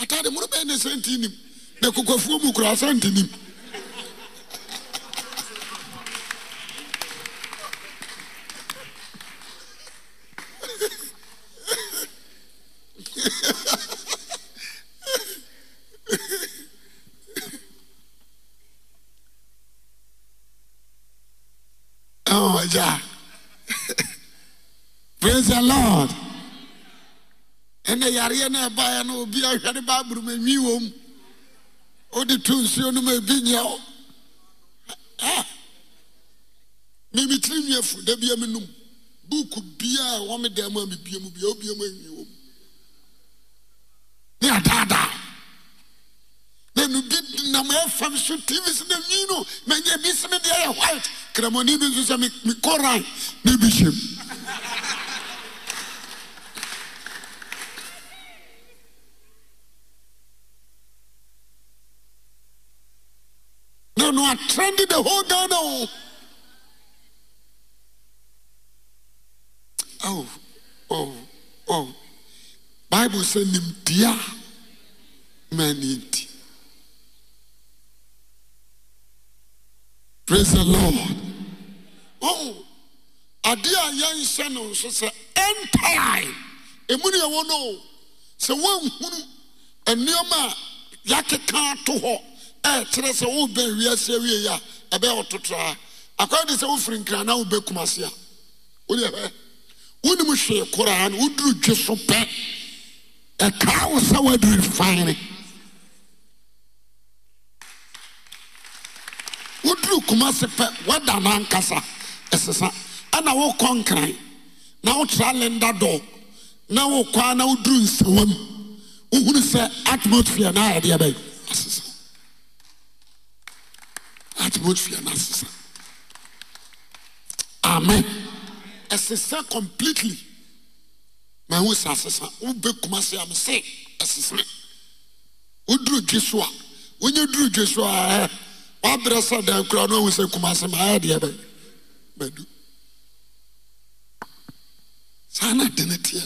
Ata moro bɛyɛ ne sɛnti nim na kokwafuo mu kura asante nim <laughs> Oh, yeah. <laughs> Praise the Lord. ɛnɛ yareɛ no ɛbaeɛ no obia hwɛre baaborom anwin wɔ m wode to nsuo no maabi nyɛ wo mimetiri niafu da bia m nom buuku biaa wɔmedam a mebim bia obim im ne adaadaa nanobi nam ɛfam so tv so no nwi no manyɛ bi semede ɛ yɛ hae kramɔni mi nso sɛ mekɔran ne bi hyɛm no attend the whole Ghana. Oh, oh, oh. Bible said him dia man Praise the Lord. Oh, adia yan shano so say end time. Emu ne wo no. Say one hunu enioma yakeka to ho. ɛkyerɛ sɛ wobɛn wiase wie a ɛbɛyɛ ɔtotraa akwan de sɛ wofiri nkra na wobɛkum ase a wodeɛ hɛ wonim hwee koraa no woduru dwe so pɛ ɛkaa wo sɛ woaduru fane woduru kuma se pɛ woada nankasa ɛsesa ɛna wokɔ nkran na wotra lenda dɔɔ na wokɔa na woduru nsawam wohunu sɛ atmosphere na ayɛdeɛ bɛyi asesa ae ɛsesa completely maahu sɛ asesa wobɛkuma se a me sɛ ɛsesa wodurodwe so a wonyɛ durodwe so a woabrɛ sɛ dan kura no awu sɛ akuma se maayɛdeɛ bɛ mad saa na dene tiɛ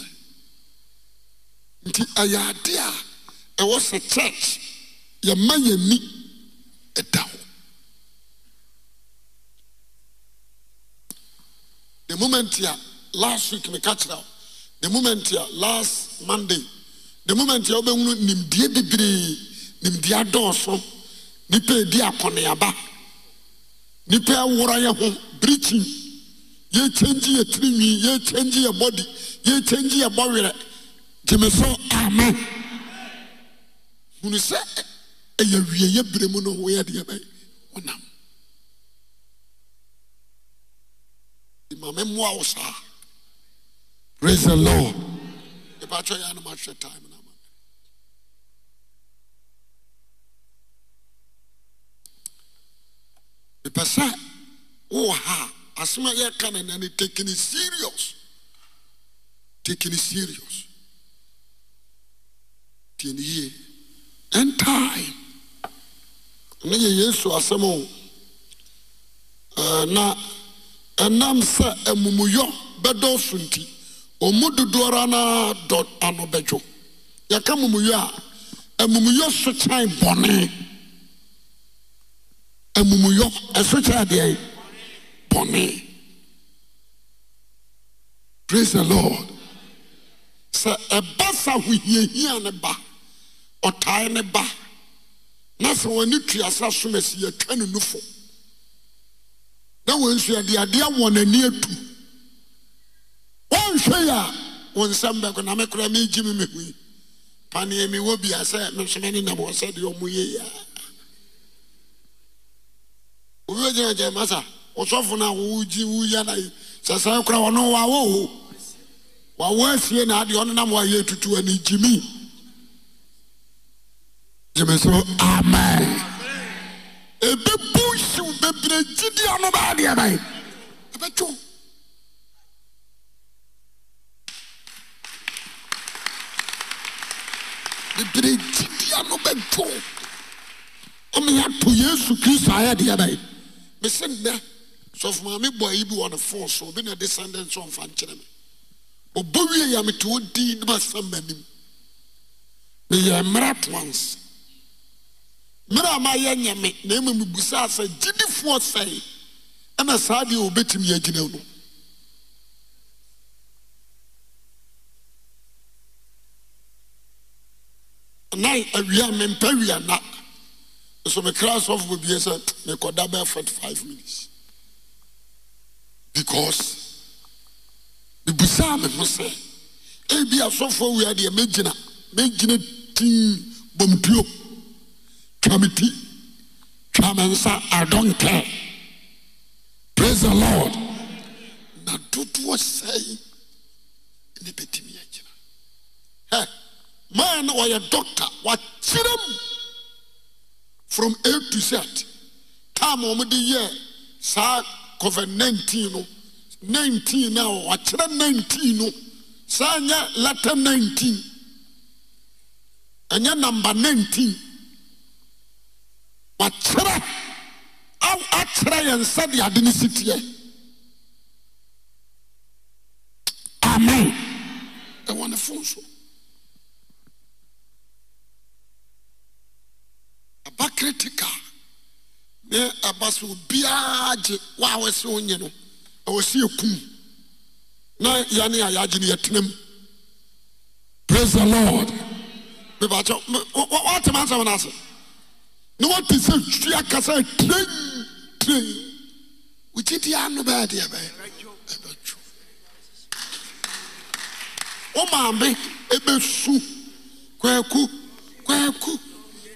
nti ayɛ adeɛ a ɛwɔ sɛ church yɛma yani moment a last week meka kyerɛ w de moment a last monday deɛ momɛnt a wobɛhunu nimdeɛ bebree nimdeɛ adɔɔso nnipa ɛdi akɔneaba nnipa ɛwora yɛ ho berekyim yɛkyangyi yɛ tiri wii yɛkyɛngyi yɛ bɔdi yɛkyɛngyi yɛ bɔwerɛ gyeme so ama hunu sɛ ɛyɛ e wiayɛ birɛ mu no wo yɛde yɛ bɛ onam memoa wo saa praise e lord ɛpɛteɛ yɛ namahwɛ tim pɛ sɛ wohaa asɛm yɛka na nane takini serious takeni serious tineyie ɛntae ɛne yɛ yesu asɛm o na ɛnam sɛ amumuyɔ bɛdɔɔso nti ɔmu dodoɔra noa dɔ ano bɛdwo yɛka mumuyɔ a amumuyɔ so kyan bɔne amumuyɔ ɛso kyan deɛ bɔne praise the lord sɛ ɛba sa hohiahia ne ba ɔtae ne ba na sɛ wɔne tuasa som asi yɛtwa ne nufo na wɔnsu yɛ de adeɛ wɔ n'ani atu wɔnhwɛ yi a wɔn nsɛm bɛko na mekora megye me mehu yi paneɛ mi wɔ bia sɛ mesome ne nam wɔ sɛ deɛ ɔmo yɛ yi a obi wɔ gyina gyɛn masa ɔsɔfo no a wɔwogye woyɛ na yi sɛ sɛ kora wɔno wɔawɔ o wɔawɔ asie na adeɛ ɔno nam wɔayɛ tutu ani gyimi gyimi so amen ebi bu rɛa no ɛ ɔenɛ to ye kiso ayɛ deɛ dae mɛsennɛ sɛfo maa mebɔa yibi wɔne foɔso bɛ ne desendɛn sɛ ɔmfa nkyerɛ me ɔbɔ wieyɛ a meto ɔdin ne bɛsam manim meyɛ mmarɛ atanse merɛ mayɛ nyɛ me namɔ mebusaa sɛ gyidifoɔ sɛe na saa adeɛ wɔbɛtim yɛagyina no na awia mempa wiana so mekra sɔfo bɛbia sɛ mekɔda bɛafat 5i minuts because mebusaa me ho sɛ biasɔfoɔ awia deɛ mɛgyina mɛgyina tin bamu twameti twamansa adɔnkal prase e lord nadodoɔ sɛe nepɛtimi yɛ gyena maɛ n ɔyɛ dɔkta wakyerɛ m from 8i to s tameomode yɛ saa covid-19 no 19 na wakyerɛ 19 no saa nyɛ lata 19 ɛnyɛ nambe 19 wkyerɛ aakyerɛ yɛnsɛde ade ne siteɛ amen ɛwɔ ne foso ɛba kritikal ne ɛba sɛ ɔbiara gye waa wɔ seo nye no ɛwɔ sɛ aku na yɛne a yɛagye ne yɛtenamu prase he lord bbaayɛ watam asɛmnoasɛ ne wote sɛ tw akasa k wotidiɛano bɛyadew womae bɛsu kwk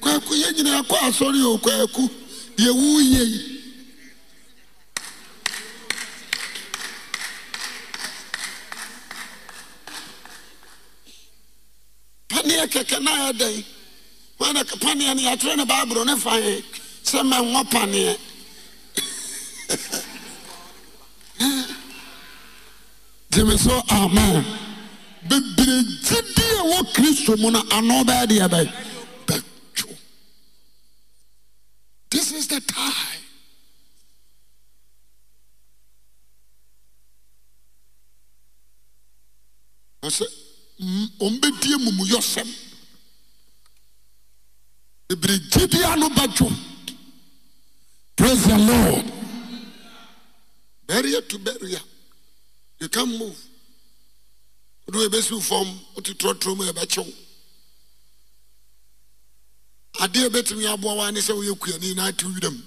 wak yɛ nyina ɛkɔ asɔre o kwaaku eɛwoyei paneɛkɛkɛnaɛdɛn aneɛ n yaterɛ ne bible ne fae sɛ mahɔ paneɛ dm so a bebreideɛ wɔ kristo mu no ano bɛade aba bɛwo iis iɛ ɔmbɛdiɛ mumuyɔsɛm biribibia no bɛdwo praise the lord barrier to barrier you can move wode ɛbɛsiw fam wototorɔtorɔ mu ɛbɛkyew adeɛ ɛbɛtumi aboa wa ne sɛ woyɛ kuani na ate werɛ them.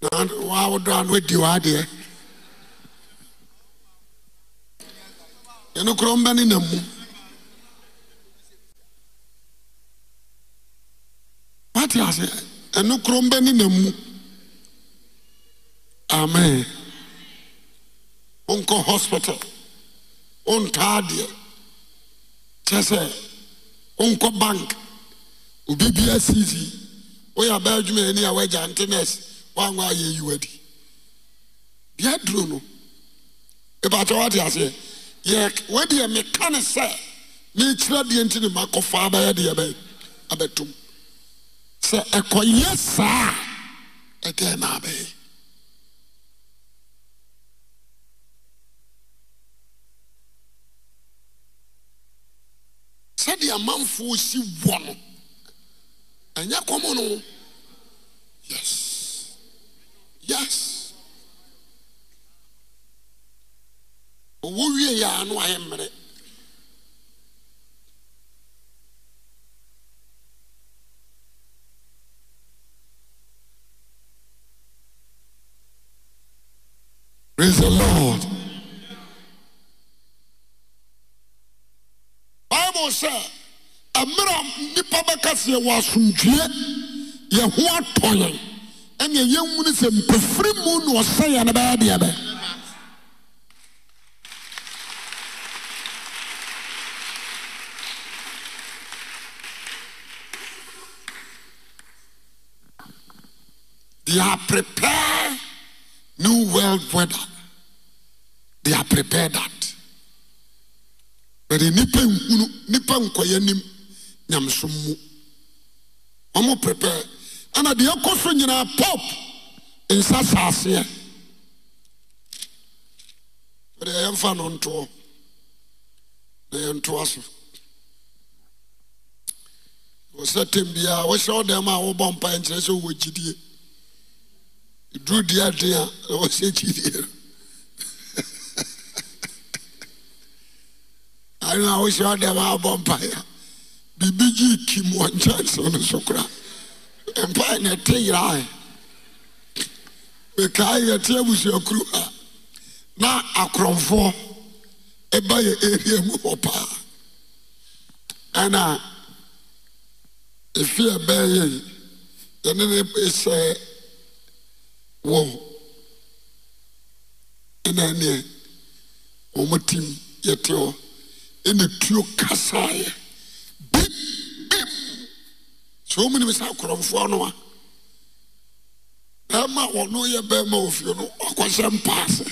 na waa wodɔ a no adi w'adeɛ yɛno korɔ mbɛne na them. asɛ ɛno kurom bɛninamu ame wonkɔ hospital wontaa adeɛ kyɛ sɛ wonkɔ bank obɛbia siis woyɛ aba adwumaania woagya nteneɛs waawɛ ayɛ yiwadi bia duro no ɛbɛakya woate ase yɛ wadeɛ meka ne sɛ mekyira deɛ nti ne makɔfaa bɛyɛ deɛ abɛtom sɛ ɛkɔyɛ saaa ɛdɛ ɛnaabɛyɛ sɛdeɛ manfoɔ si wɔ no ɛnyɛ kɔmmɔ no ys ɔwɔ wie yia no ayɛ mmerɛ Praise the Lord. Bible says, "A nnipa bɛka seɛ was asomdwie yɛ ho atɔ yɛn ɛnea yɛnwunu sɛ mpɛfiri mu They are prepared. new world weather de ar prepare that bɛde nnipa nhun nnipa nkɔya nim nyamsommu omo prepare ana deɛ ɛkɔ so nyinaa pop nsa saaseɛ ɛdeɛ yɛmfa no ntoɔ na yɛntoa so wɔ sɛ tem biaa wohyɛ wdama a wobɔ mpa yɛ nkyerɛ sɛ ɔwɔ gyidie durodiɛden a awosɛkidiɛ o aa wohe ɔdamaabɔ mpae a dibɛgye kimɔ nkyansem no sokora mpae ne te yeraɛ mekaɛ yɛteabusuakuro a na <laughs> akorɔmfɔ ɛba yɛ ɛria mu ɔ paa ɛna ɛfi a bɛɛyɛ ɛne nesɛɛ ị ɛna neɛ wɔn tim yɛte hɔ ɛna tuo kasaeɛ bim sɛ wɔn nim sɛ akorɔmfoɔ no a bɛrima wɔn yɛ bɛrima ofio no ɔkɔhyɛ mpaase.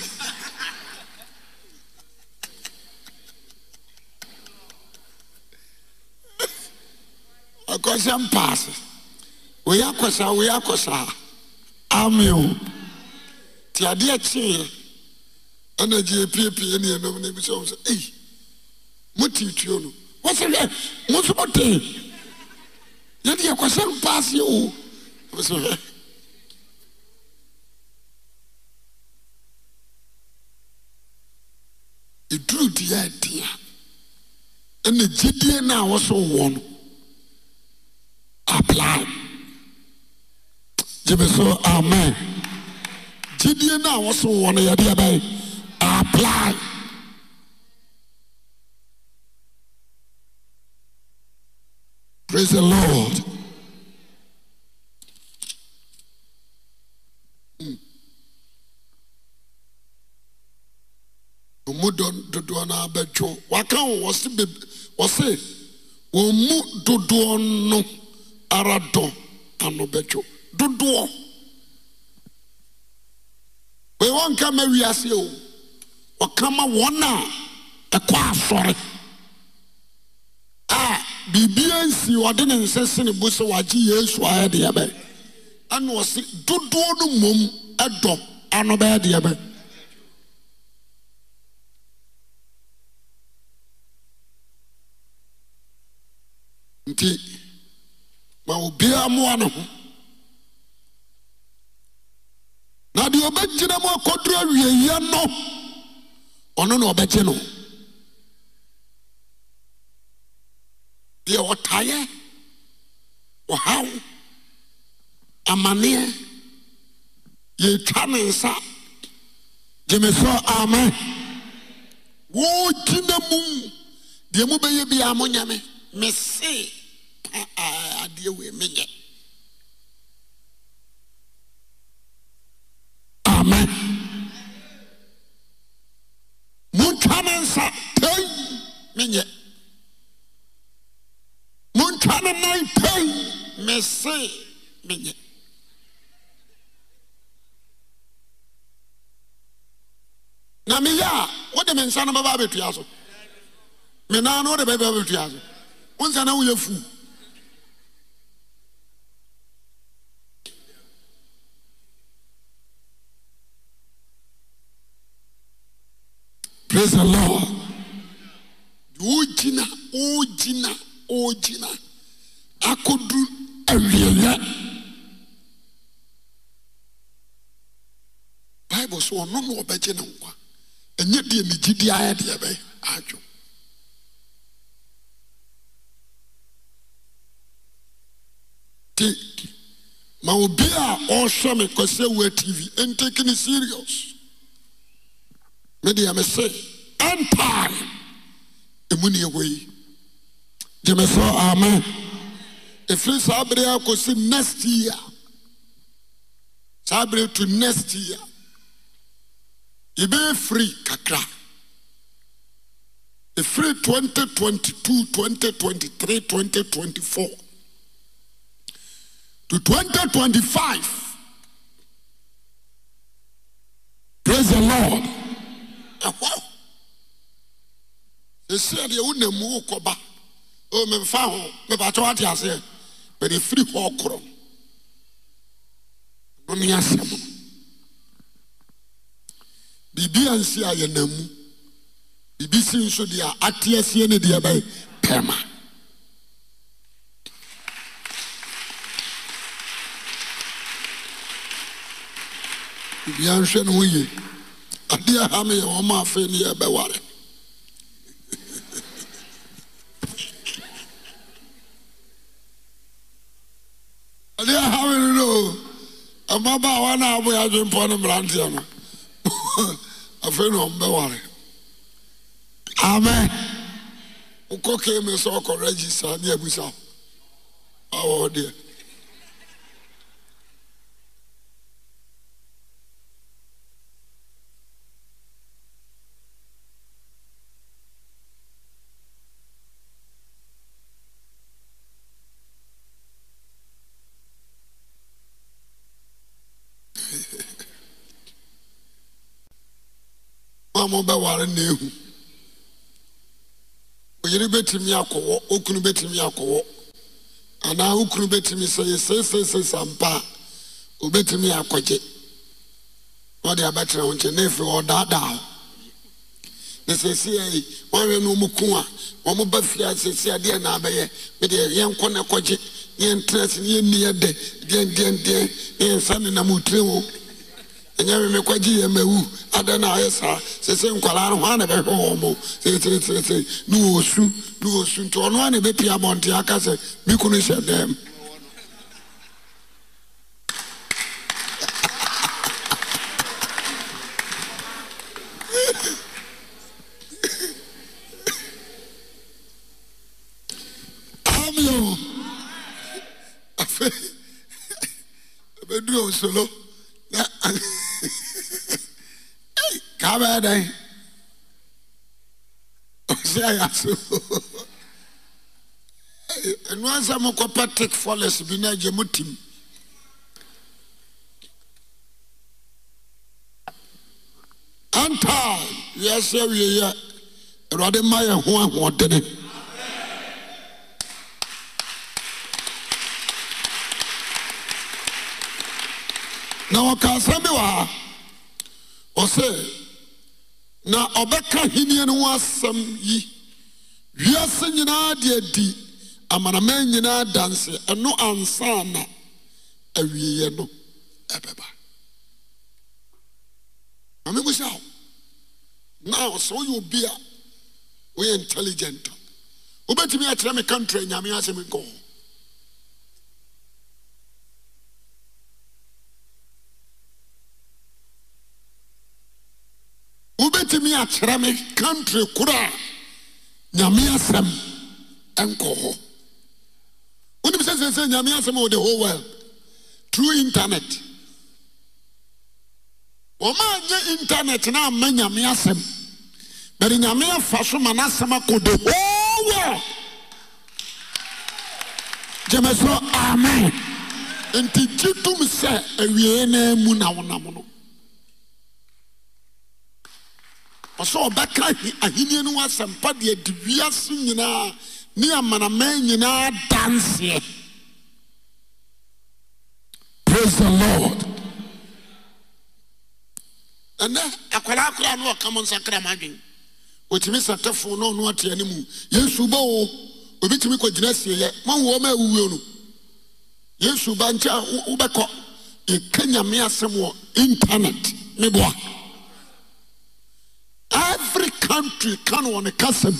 akɔhyɛ <laughs> mpaase ameo tiadeɛ kyeeɛ na gyeɛpiepie nnenɔm no bisɛ sɛ e mote tuo no wosɛɛ mo nsomotee yɛde ɛkɔsyɛ n paase yɛo ɛ ɛduru de ɛ ade a ne gyidie no a woso wɔ no applai gyidie no a wɔso wɔne yade aba appi a ɔmu dodoɔ no aabɛdwo waka wɔwɔ sɛ ɔnmu dodoɔ no aradɔ ano bɛdwo dodoɔ wei ka ma wiase o ɔka ma wɔn a ɛkɔ asɔre a biribia nsi ɔde ne nsɛ se ne bo sɛ wɔagye yesu ayɛ deɛ bɛ ɛna ɔse dodoɔ no mmom ɛdɔ ano bɛyɛ deɛ bɛ nti ma obiara mmoa ne ho na deɛ ɔbɛgyiram akɔduro awieyɛ no ɔno ne ɔbɛgye no deɛ ɔtayɛ ɔhaw amaneɛ yɛtwa ne nsa gyeme sɔ amɛ wɔkina mum deɛ mobɛyɛ biaa mo nyame mese pa aadeɛ wei menyɛ otn nɛonte p mese menyɛna meyɛ a wode mensa no babaabɛtua so menaa no wod bɛbbɛtua so wonsa na woya fu ɔgyina ɔgyina ɔgyina akɔdu awiawa bible so ɔnom ɔbɛgye ne nkwa ɛnyɛ deɛ negyidi ayɛ deɛ bɛ adwo nti maobi a ɔrhwɛ me kɔsɛ wa tv ntɛkne serious medeɛ mese empire ɛmu ne ɛwɔ yi gyeme amen ɛfiri saa berɛ akɔsi next year saa berɛ to next year yɛbɛyɛ firi kakra ɛfiri 2022 2023 2024 to 2025 praise the lord ɛsia deɛ wonam mu wokɔba memfa ho mepakyɛ wate aseɛ bɛde firi hɔ korɔ no ne asɛm biribia nsi a yɛnam mu biribi si nso deɛ ate aseɛ ne deɛ bɛyɛ pɛma biribia nhwɛ ne ho ye adeɛ ha me yɛ wɔma afei ne yɛbɛware ɛdeɛ hamene no o mmabaawa no a aboyɛ adwempɔ no mmeranteɛ no afei na ɔmbɛware amen wokɔ kee sɛ ɔkɔ regista ne abusa ọ deɛ wobɛware na ehu oyere bɛtumi akɔwɔ okunu betumi akɔwɔ anaa okunu betumi sɛ yɛsɛsɛsɛsɛ mpa a obɛtumi akɔgye ɔde abɛkyerɛ ho nkyɛn na efiri ɔdaadaa ho na sɛsi ayi wɔahwɛ no wɔn ko a wɔn ba fie a sɛsi adeɛ na abɛyɛ bɛdeɛ yɛn kɔ na kɔgye yɛn tena se yɛn nni yɛ dɛ deɛn deɛn deɛn, yɛn nsa nenam otire wɔn. ɛnyɛ me mekɔgye yɛ mawu na ayɛ saa nkwaraa no a na bɛhwɛ wɔ mo sɛsɛsɛsɛ ne wɔsu ne nti ɔno a na ebe abɔnte aka sɛ me kunu hyɛ dɛm kaabɛɛdɛn ɔs aɛs noa sɛ mokɔpɛ tik folesbi no agye motim antaa yɛsɛ wieyɛ awuade ma yɛ ho ahoɔdene na ɔka asɛ bi waa ɔ sɛ na ɔbɛka henni no wo asɛm yi wiasɛ nyinaa de adi amanama nyinaa danseɛ ɛno ansa na awieiɛ no ɛbɛba amemuhyɛwo na sɛ woyɛ obi a woyɛ intelligent wobɛtimi akyerɛ me contry a nnyameahyɛ me kɔh timi akyerɛ me contry kora a nyame asɛm nkɔ hɔ wonim sɛ see sɛ nyame asɛm a wɔde whol world tru intarnɛt ɔmaayɛ intanɛt na amma nyame asɛm bɛre nyame afa so ma naasɛm akɔde how gyemɛso ame nti gi tom sɛ awieɛ naa mu nawonam no ɔsɛ ɔbɛka ahenni no asɛmpa deɛ adi wiase nyinaa ne amanaman nyinaa danseɛ praise the lord ɛnɛ akwadaa koraa ne ɔka mo nsakra madwen ɔtumi satɛfo na ɔno ate ne mu yesu ba o obi tumi kɔgyina sieyɛ mahu ɔma awuwuo no yesu ba nkyɛ wobɛkɔ yɛka nyame asɛm wɔ internet meboa kankaannɛawasakra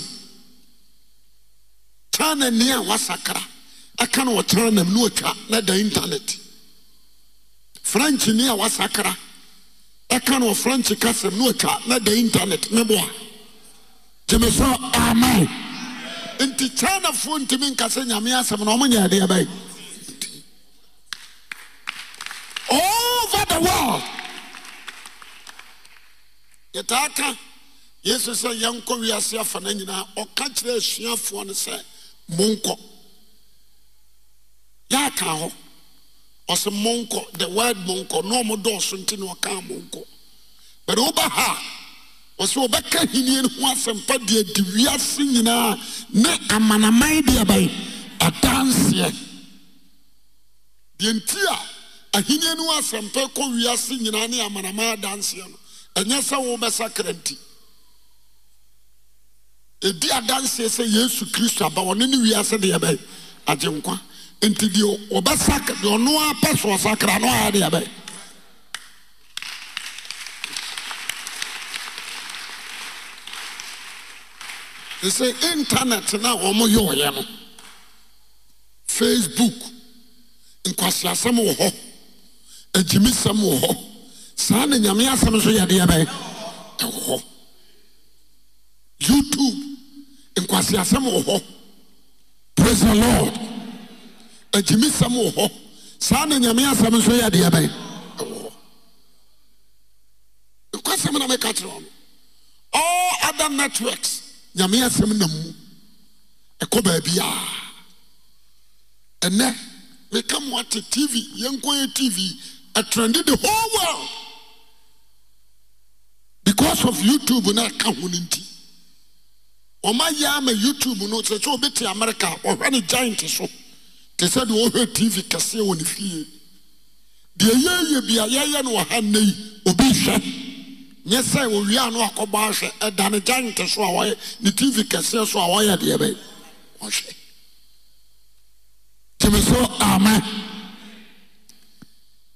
ka n kanenam no atwa na da intarnɛt frenchneɛa wasakra ka na ɔ french casɛm no atwa ne da internɛt ne b eme sɛ an nti kanefoɔninksɛ nyameɛasɛm n ɔmnyɛdeɛb yesu sɛ yɛnkɔ wiase afa no nyinaa ɔka kyerɛ asuafoɔ no sɛ monkɔ yɛaka hɔ ɔsɛ monkɔ the word monkɔ na ɔmodɔɔso nti ne ɔkaa monkɔ but woba ha a ɔsɛ wɔbɛka hinie no ho asɛmpa de adi wiase nyinaa ne amanaman de abae adanseɛ deɛ nti a ahenni no ho asɛmpa kɔ wiase nyinaa ne amanaman adanseɛ no ɛnyɛ sɛ wobɛsakra nti ɛdi adanseɛ sɛ yesu kristo aba wɔ no ne wiase deɛ bɛɛ agye nkwa nti deɛɔbɛdeɛ ɔnoa pɛ soɔ sakra no ayɛdeɛ bɛɛ ɛ sɛ intanɛt na wɔmɔyɔɔyɛ no facebook nkwaseasɛm wɔ hɔ agyumisɛm wɔ hɔ saa ne nyameɛ asɛm so yɛdeɛ bɛɛ ɛwɔ hɔ youtube nkwaseasɛm wɔ hɔ praise the lord agyimisɛm wɔ hɔ saa na nyame asɛm nso yɛ adeɛ bɛn nkwasɛm na meka kyerɛ all other networks nyame asɛm nam mu ɛkɔ baabiaa ɛnɛ meka mo ate tv yɛnkɔ yɛ tv ɛtrɛnde the whole world because of youtube na ɛka ho no nti ɔmayɛa ma youtube no sɛ sɛ wɔbɛ te amerika ɔhwɛ ne gaint so nti sɛdeɛ wɔhwɛ tv kɛseɛ wɔ ne fie deɛ yɛyɛ bia yɛyɛ ne ɔha nnɛ yi ɔbirhwɛ nyɛ sɛ ɔwiaa no akɔbɔ ahwɛ ɛda ne gyint so a wɔyɛ ne tv kɛseɛ so a wɔyɛ deɛ bɛ hwɛ timi so ama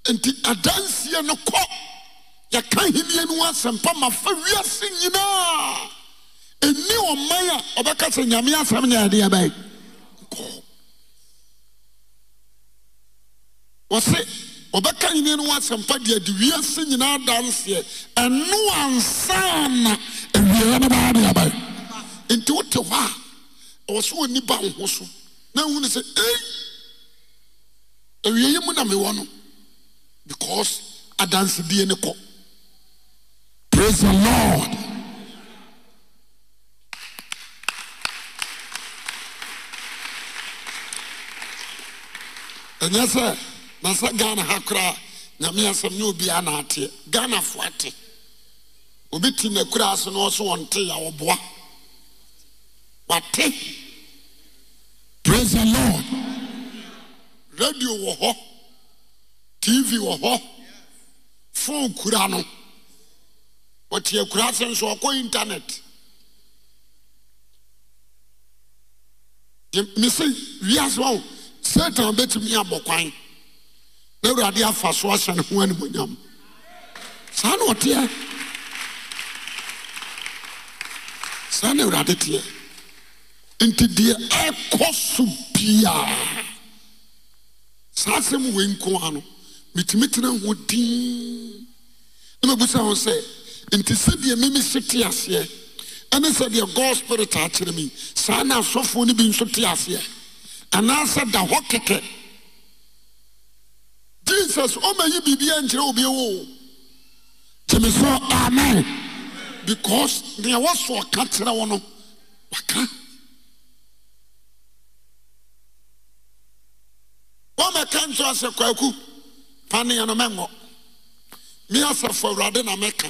nti adanseɛ no kɔ yɛka henni no h asɛmpa mafa wiase nyinaa ɛni ɔman a ɔbɛka sɛ nyame asɛm nyɛ adeɛ bɛyɛ nkɔ wɔse ɔbɛka nyina no wasɛmpa deɛ de wiase nyinaa danseɛ ɛno ansa na awieɛ no bɛa deɛ bɛyɛ nti wote hɔ a ɛwɔ sɛ ɔni ba wo ho so na hu no sɛ ei awieɛ mu na mewɔ no because adansedie ne kɔ praise the lord ɔnyɛ sɛ nasɛ ghana ha koraa nyameasɛmne ɔbiaa naateɛ ghanafoate obɛti nakuraa so ne ɔso wɔnte aɔboa wte presen lord radio wɔ hɔ tv wɔ hɔ fa kura no ɔteakura sɛ so ɔkɔ intanɛt mese wias satan bɛtumiyɛabɔ kwan na awurade afaso ahyɛ ne ho animonyam saa neɔteɛ saa ne awurade teɛ nti deɛ akɔ so biaa saa srɛm wɔi kon a no metumi tera ho diin na mabusa ho sɛ nti sɛdeɛ mamehye te aseɛ ɛne sɛdeɛ go spiretakyerɛ m yi saa na asɔfoɔ no bi nso te aseɛ anaasɛ da hɔ kɛkɛ jesus ɔmayi biribia nkyerɛ obi wɔo keme sɛ amen because nea wɔsɔ ɔka trɛ wo no wka womɛka nto asɛ kwaku paneɛ no mɛwɔ me asafo awurade na mɛka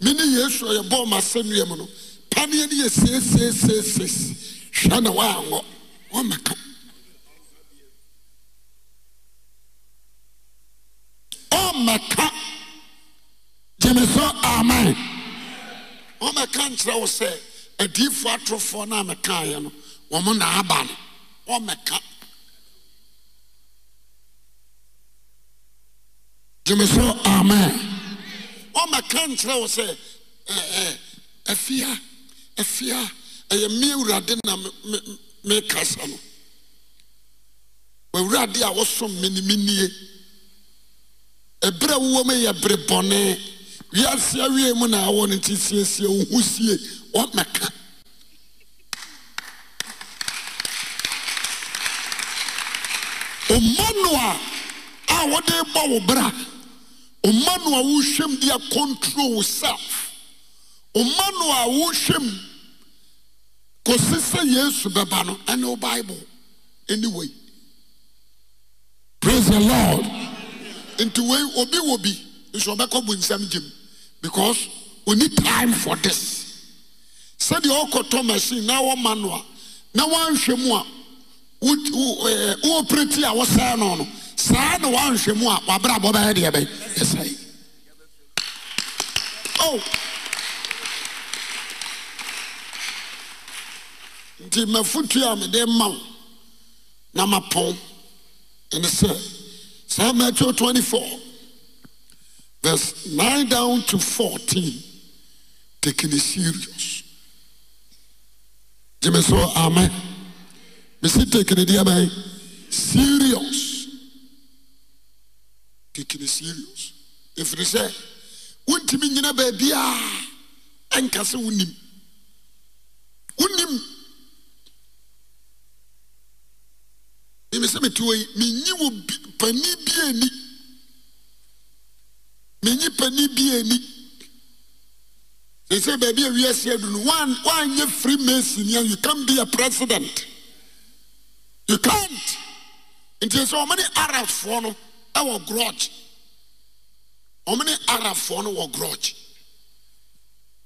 mene yɛ su yɛbɔɔ maasɛnea mu no paneɛ no yɛ seeseeseeses hwɛ ne waawɔ wmaka mɛka yeme s aman ɔmɛka nkyerɛ wo sɛ adiyifoɔ atorɔfoɔ no a mɛkaeɛ no wɔ mo naaba no ɔmɛka eme sɛ aman ɔmɛka nkyerɛ wo sɛ afa afia ɛyɛ meawurade na meka sa no wawurade a woso menemenie ɛberɛ a wowa m yɛ berebɔne wiasea wie mu naawɔ no nti siesie woho sie womɛ ka ma no a a woder bɔ wo bera ɔma no a wohwɛm dea control self oma no a wohwɛm kɔse sɛ yesu bɛba no ɛne wo bible anyway prais he lord nti wei obi wɔ bi nso ɔbɛkɔ bu nsɛm gyem because oni time for this sɛdeɛ ɔkɔtɔ machine na wɔ manual na wɔanhwɛ mu a wɔɔpireti a wɔsɛɛ no no saa na wɔanhwɛ mu a wɔabrabɔ bɛyɛ deɛ bɛyɛ ɛsɛe o nti mafotu a mede ma wo na mapɔn ɛne sɛ Psalm 24, verse 9 down to 14, taking it serious. Jimmy so amen. Missy taking it amen. Serious. Taking it serious. If they say, Wuntimi nyina baby ah, enkase wunim. Wunim. im sɛ metu ɔ yi eyipani bani menyi pani biaani sɛi sɛ baabi a wiase adu no wɔanyɛ fri masini a you cam dia president you cant nti sɛ ɔmone arabfoɔ no wɔ gorɔgy ɔmone arabfoɔ no wɔ gorɔgy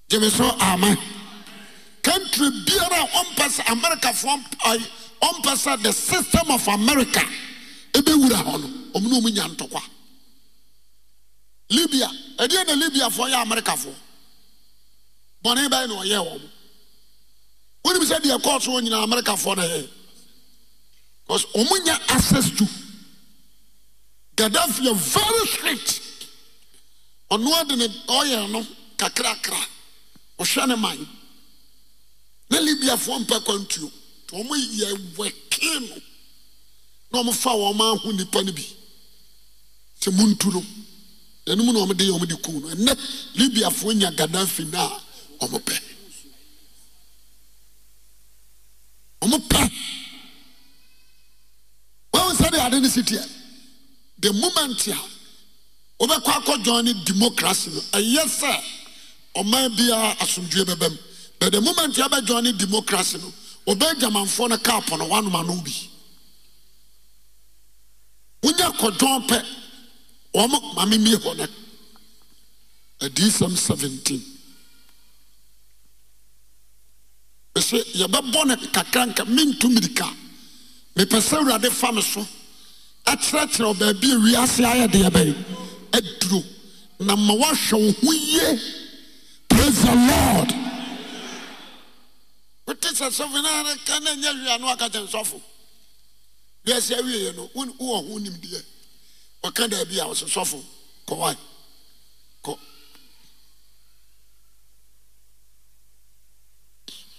gye me so ama kantry biara a wɔmpɛ sɛ amerikafoɔ pae ɔmpɛ sɛ the system of america ɛbɛwura hɔ no ɔmu ne ɔmu nya ntɔkwa libia ɛdeɛ na libiafoɔ yɛ amerikafoɔ bɔne bɛyɛ na ɔyɛɛ wɔn wonim sɛ deɛ kɔɔ so nyinaa amerikafoɔ na yɛɛ because ɔmu nya access to gaddafi yɛ very strict ɔno ade ne ɔyɛ no kakrakra ɔhwɛ ne man na libiafoɔ mpɛ kwantuo t ɔmo yɛwɔ kee no na ɔmofa wɔmaho nnipa no bi sɛ montu no ɛnom na ɔmde yɛ ɔmde kum no ɛnnɛ libiafoɔ nya gada fi na a ɔmobɛ ɔmopɛ maho sɛ de ade ne si ti a de momant a wobɛkɔ akɔ dwɔne demokrasy no ɛyɛ sɛ ɔma biaa asomdwoɛ bɛbɛm butde momant a obɛdwone demokrasy no ɔbɛagyamanfoɔ no karpɔno w'anomano wo bi wonya kɔdwon pɛ ɔm mamemie hɔ no adii sɛm 17 ɛsɛ yɛbɛbɔ ne nkakranka mentomirika mepɛ sɛ awurade fa me so akyerɛkyerɛ w baabi a wiase ayɛ deɛ bɛɛ aduro na ma woahwɛ wo ho ye pras e lord wote sɛ sɔfo neanekana nya hia ne wakata sɔfo biasia wieɛ no wowɔho nimdiɛ ɔka da abia woso sɔfo kɔwae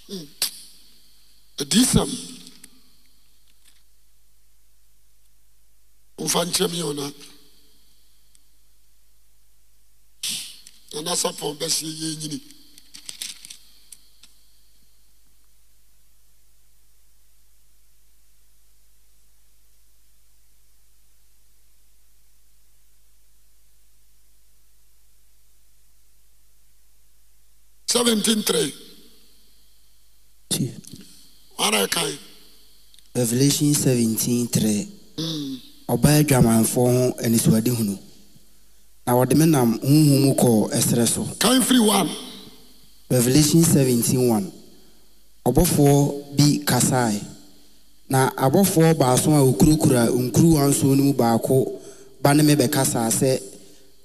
hmm. adis mfa ntsɛm yna anasapo bɛsiɛ ye nyini 17:3. What I can. Revelation 17:3. Ɔbaa ọ ho anisoade hunu na wɔde me nam huhu mu kɔɔ ɛserɛ so. Kan firi one. Revelation 17:1. Ɔbɔfoɔ bi kasae na abɔfoɔ baason a okurokura nkuruwa nson no mu baako ba ne me bɛkasaa sɛ.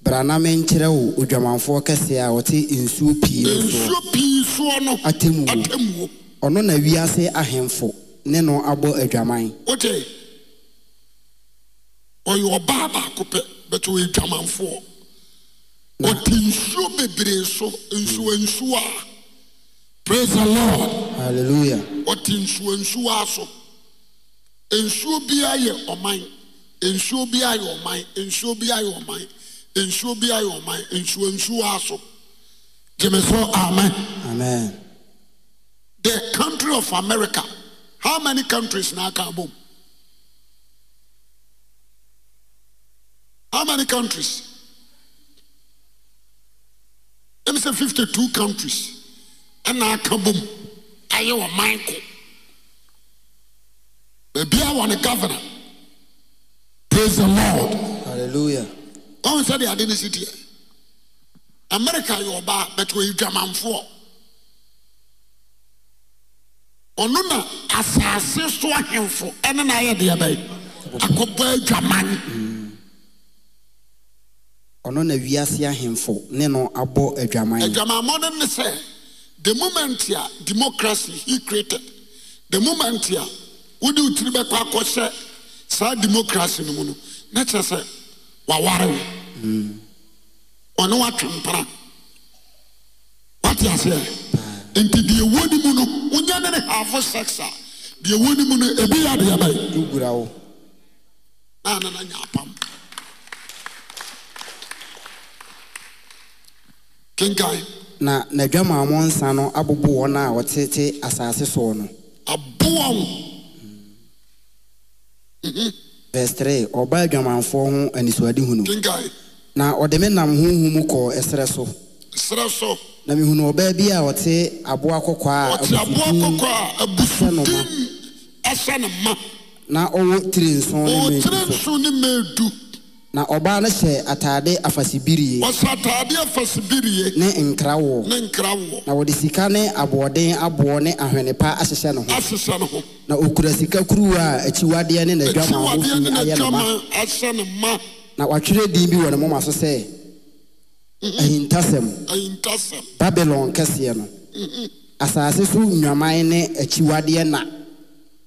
bra na menkyerɛ wo odwamanfoɔ kɛseɛ a ɔte nsuo pii nsuo pii soɔ no atemmuo ɔno na wiase ahemfo ne no abɔ adwaman wote ɔyɛ ɔbaa baako pɛ bɛtɛ ɔyɛ dwamanfoɔ ɔte nsuo bebree so nsuo nsuo praise the lord hallelujah ɔte nsuo nsuo so nsuo biara yɛ ɔman nsuo biara yɛ ɔman nsuo biara yɛ ɔman nsuo bi ayɛ ɔman nsuo nsuo aso gyeme so amen. amen. the country of america how many countries na aka abom how many countries ɛmi sɛ fifty two countries ɛna aka bom ayɛ ɔman ko baabi a wɔ ne governor praise the lord hallelujah. ɔh sɛde ade no si diɛ amerika yɔ ɔba a bɛtɔ ɔyɛdwamanfoɔ ɔno na asase so ahemfo ɛne naayɛ deɛ ba akɔba adwaman ɔnonawiase ahemfo ne no abɔ adwamaadwamanmmo no ne sɛ the moment a democracy he created the moment a wode wotiri bɛkɔ akɔhyɛ saa democracy no mu no nɛ kyrɛ sɛ waware wo ɔne woatwe mpra wate aseɛ nti deɛ mu no wonya ne ne haafo sex a deɛ mu no ebi yɛ adeɛ bɛyɛ na ana na nya apam kenkan na nsa no a asase soɔ no wo mhm. verse 3 ɔbaa adwamanfoɔ ho anisoadehunu na ɔde me nam honhom mu kɔɔ so ɛserɛ so na mehunu ɔbaa bi a ɔte aboa kɔkɔɔ a abusudin ɛhyɛ no ma na ɔwɔ tiri nson ne meedu na ɔbaa no hyɛ atade afasibiree ne nkrawoɔ na wɔde sika ne aboɔden aboɔ ne ahwene pa ahyehyɛ ne ho na ɔkura sika kuru a akyiwadeɛ ne n'adwa ma wɔi ayɛ nma na watwerɛ din bi wɔ ne moma so sɛ ahintasɛm babylon kɛseɛ no asase nso nnwaman ne akyiwadeɛ na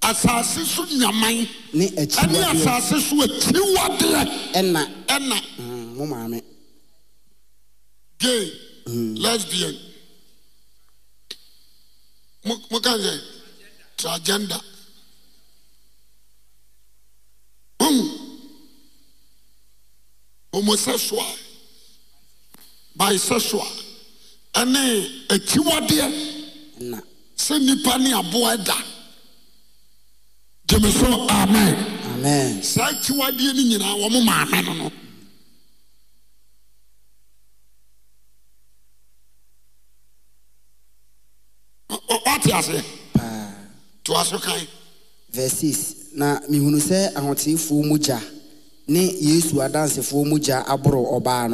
asase so nyama ɛne asase so aki wdeɛ ɛna lasbn moka ɛ tragenda ɔmɔsɛ soa bi sɛsoa ɛne aki wdeɛ sɛ nnipa ne aboa ada gyeme so amen saa akyiwadeɛ ni nyinaa wɔ mo maame no no ɔte aseɛ so kan na mehunu sɛ ahoteefoɔ mu gya ne yesu adansefoɔ mu gya aboro ɔbaa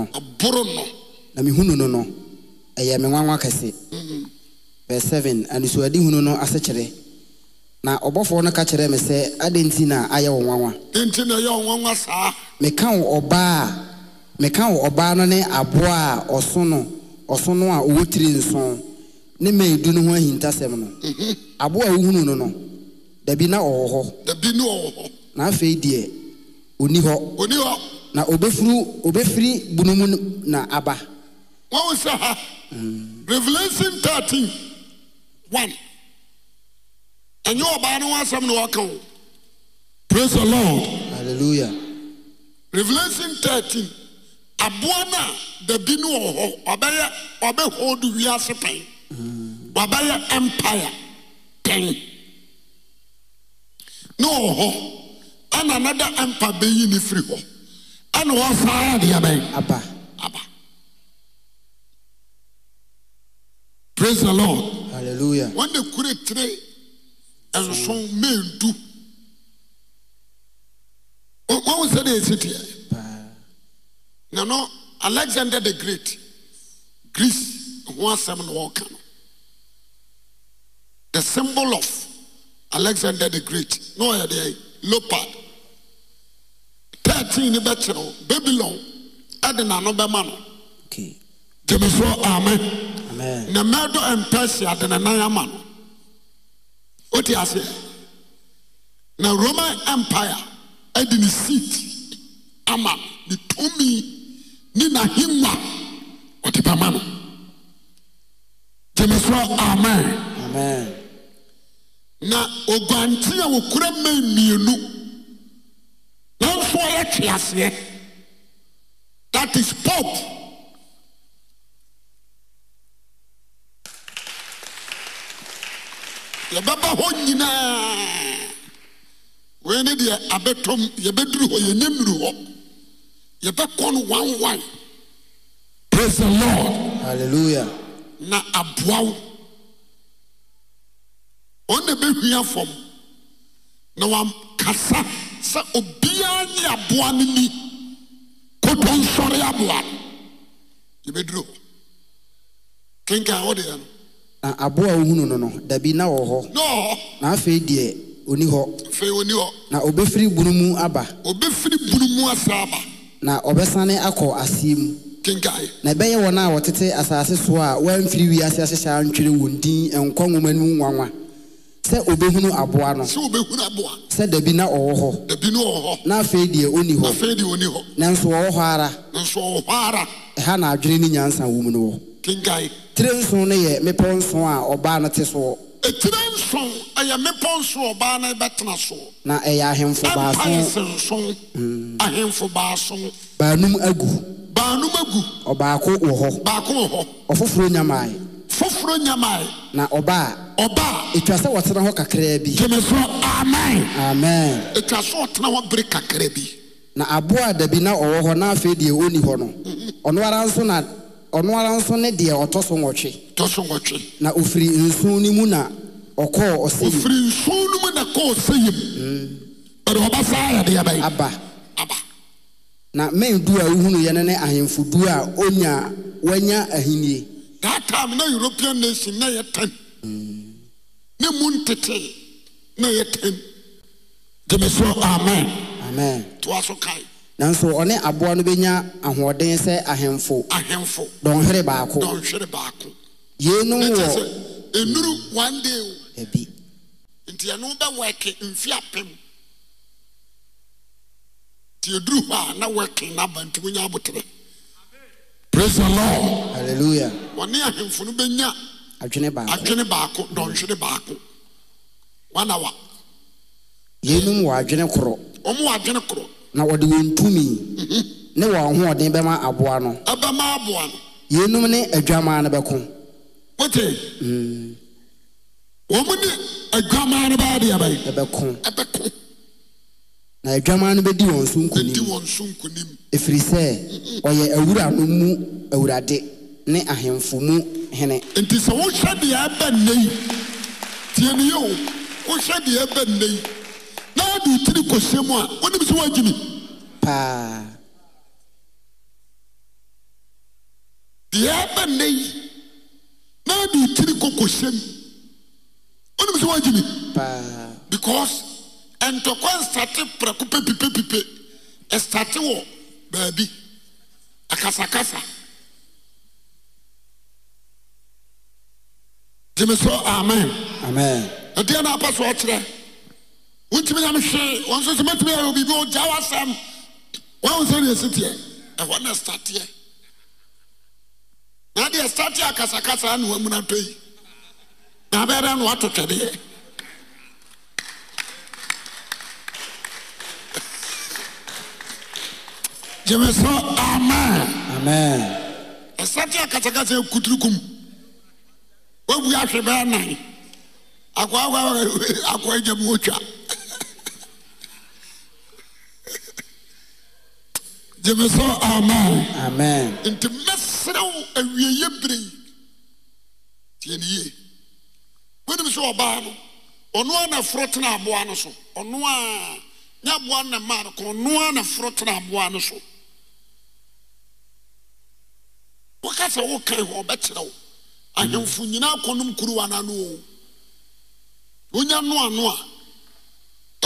na mehunu no no ɛyɛ nwa nwa kɛse mm-hmm. verse 7 anisoadehunu no na ọbọfọ no ka kyerɛɛ me sɛ adɛn nti na ayɛ wo nwanwa nti na ɛyɛ wo nwanwa saa meka wo ɔbaa a meka wo ɔbaa no ne aboa a ɔso no ɔso no a ɔwɔ tiri nson ne maedu no ho ahintasɛm nọ. Mhm. aboa a wohunu no no dabi na ọwọ họ. dabi na ɔwɔ hɔ na afei deɛ ɔni hɔ ɔni hɔ na obɛfuru obɛfiri bunu mu na aba wɔn sɛ ha mm. revelation thirteen one. And you, ɔbaa no ho asɛm na wɔka wo praise the lord hallelujah revelation 13 aboa the a dabi no wɔ hɔ ɔbɛyɛ ɔbɛhold wiase pɛn mm. wɔbɛyɛ empire pɛn No And another ɛna nada empire bɛyi ne firi And ɛna wɔsaa adeɛ bɛn praise the lord hallelujah When they create tire nso mendu wowu sɛ de ɛsiteɛ nano alexander tde great greese ho asɛm na wɔka no the symbol of alexander the great na ɔyɛ deɛ lopard ta teini bɛkyerɛw babylon ɛdenano bɛma no gyemɛ so amen na mɛɛdɔ mpɛssi ade ne nan ama no wote ase na roman empire ɛde ne seat ama ne tumi ne n'ahengua ɔde bɛma no gyeme so amen na oguante a wɔkura mmaa mmienu nanso ɔyɛ twe aseɛ that is pope yɛbɛbɛ hɔ nyinaa wei ne deɛ abɛtɔ yɛbɛduru hɔ yɛnya mmiru hɔ yɛbɛkɔ n wanwaneya na aboa wo ɔn na bɛhuafam na wakasa sɛ obiara yɛ aboa no ni koto nsɔre aboa yɛbɛduri hɔ kenkaa wode ɛ no na aboa a ohunu no no dabi na wɔ hɔ na afei deɛ ɔni hɔ na ɔbɛfiri bunu mu aba na ɔbɛsane akɔ aseɛ mu na ɛbɛyɛ wɔn a wɔtete asase so a wɔamfiri wiase ahyehyɛ wɔn din nkɔ nwoma nwanwa sɛ aboa no sɛ dabi na ɔwɔ hɔ na afei deɛ ɔni hɔ nanso ɔwɔ hɔ ara ɛha na adwene ne nyansa wɔ mu no wɔ tire nson no yɛ mepɔ nson a ɔbaa no te soɔ ɛtire nson ɛyɛ mepɔ nson ɔbaa no tena so. na ɛyɛ ahemfo baaso mm. ahemfo baaso baanum agu baanum agu ɔbaako wɔ hɔ baako wɔ hɔ ɔfoforɔ nyamae foforɔ nyamae na ɔbaa ɔbaa ɛtwa sɛ wɔtena hɔ kakraa bi gyeme so amen amen ɛtwa sɛ ɔtena hɔ bere kakraa bi na aboa dabi na ɔwɔ hɔ na afei deɛ ɔnni hɔ no mm-hmm. ɔno ara nso na ɔno ara nso ne deɛ ɔtɔ so nwɔtwe tɔ so nwɔtwe na ofiri nsuo ni mu na ɔkɔɔ ɔsɛ yim ofiri nsuo ni mu na kɔɔ ɔsɛ yim ɔde mm. ɔba saa yɛde yɛbɛyɛ aba aba na mmɛn du a wohunu yɛn ne ahemfo du a onya wanya ahinie that time na european nation na yɛ ten mm. ne mu ntete na yɛ ten gyeme so amen amen toa so kae nanso ɔne aboa no bɛnya ahoɔden sɛ ahemfo ahemfo dɔnhwere baako dɔnhwere baako yeinom wɔ enuru one day o ebi nti ɛno bɛ wɔɛke mfi apem nti eduru hɔ a na wɔɛke n'aba nti wɔnya abotire praise the lord hallelujah wɔne ahemfo no bɛnya adwene baako adwene baako dɔnhwere baako wɔn awa yeinom wɔ adwene korɔ wɔn wɔ adwene korɔ. na wɔde wɔn tumi ne wɔn ahoɔden bɛma aboa no. ɛbɛma aboa no. yeinom ne adwamaa no bɛko. wote. Mm. wɔn ne adwamaa no bɛyɛ deɛ bɛyɛ. ɛbɛko. ɛbɛko. na adwamaa no bɛdi wɔn so nkonim. bɛdi wɔn so nkonim. efiri sɛ ɔyɛ awura no mu awurade ne ahemfo mu hene. nti sɛ wohwɛ deɛ ɛbɛn ne yi tie ne yi o wohwɛ deɛ ɛbɛn ne yi. na adertiri kɔsɛ m a wonnesɛ wgii deɛbɛnnɛ yi na dertiri kɔkɔhɛm wonnim so w agimi because ntɔkɔ state prakopɛ pipepipe state wɔ baabi akasakasa gyemeso amena ɔdeɛna apɔ s ɔkyerɛ wotiminyam hwee ɔsosomɛtuiɛbiibi ogya wasɛm w wɔsɛne aseteɛ ɛhɔ ne stateɛ na deɛ stateɛ akasakasa ne wamunatɛyi na bɛra na watɔtwɛdeɛ geme sɛ aa ɛstateɛ akasakasa kuturikum woawa ahwe bɛ nan ako akoa agyamɔtwa yemesɛ nti mɛserɛ wo awieyɛ bere tiɛnyi woanim sɛ ɔbaa no ɔnoa nafoɔea n o ɔeoanaɔnnfoɔeaoa n so woka sɛ wokae hɔ ɔbɛkyerɛ wo ahomfo nyinaa kɔnom kurow anano a ɔnya noa no a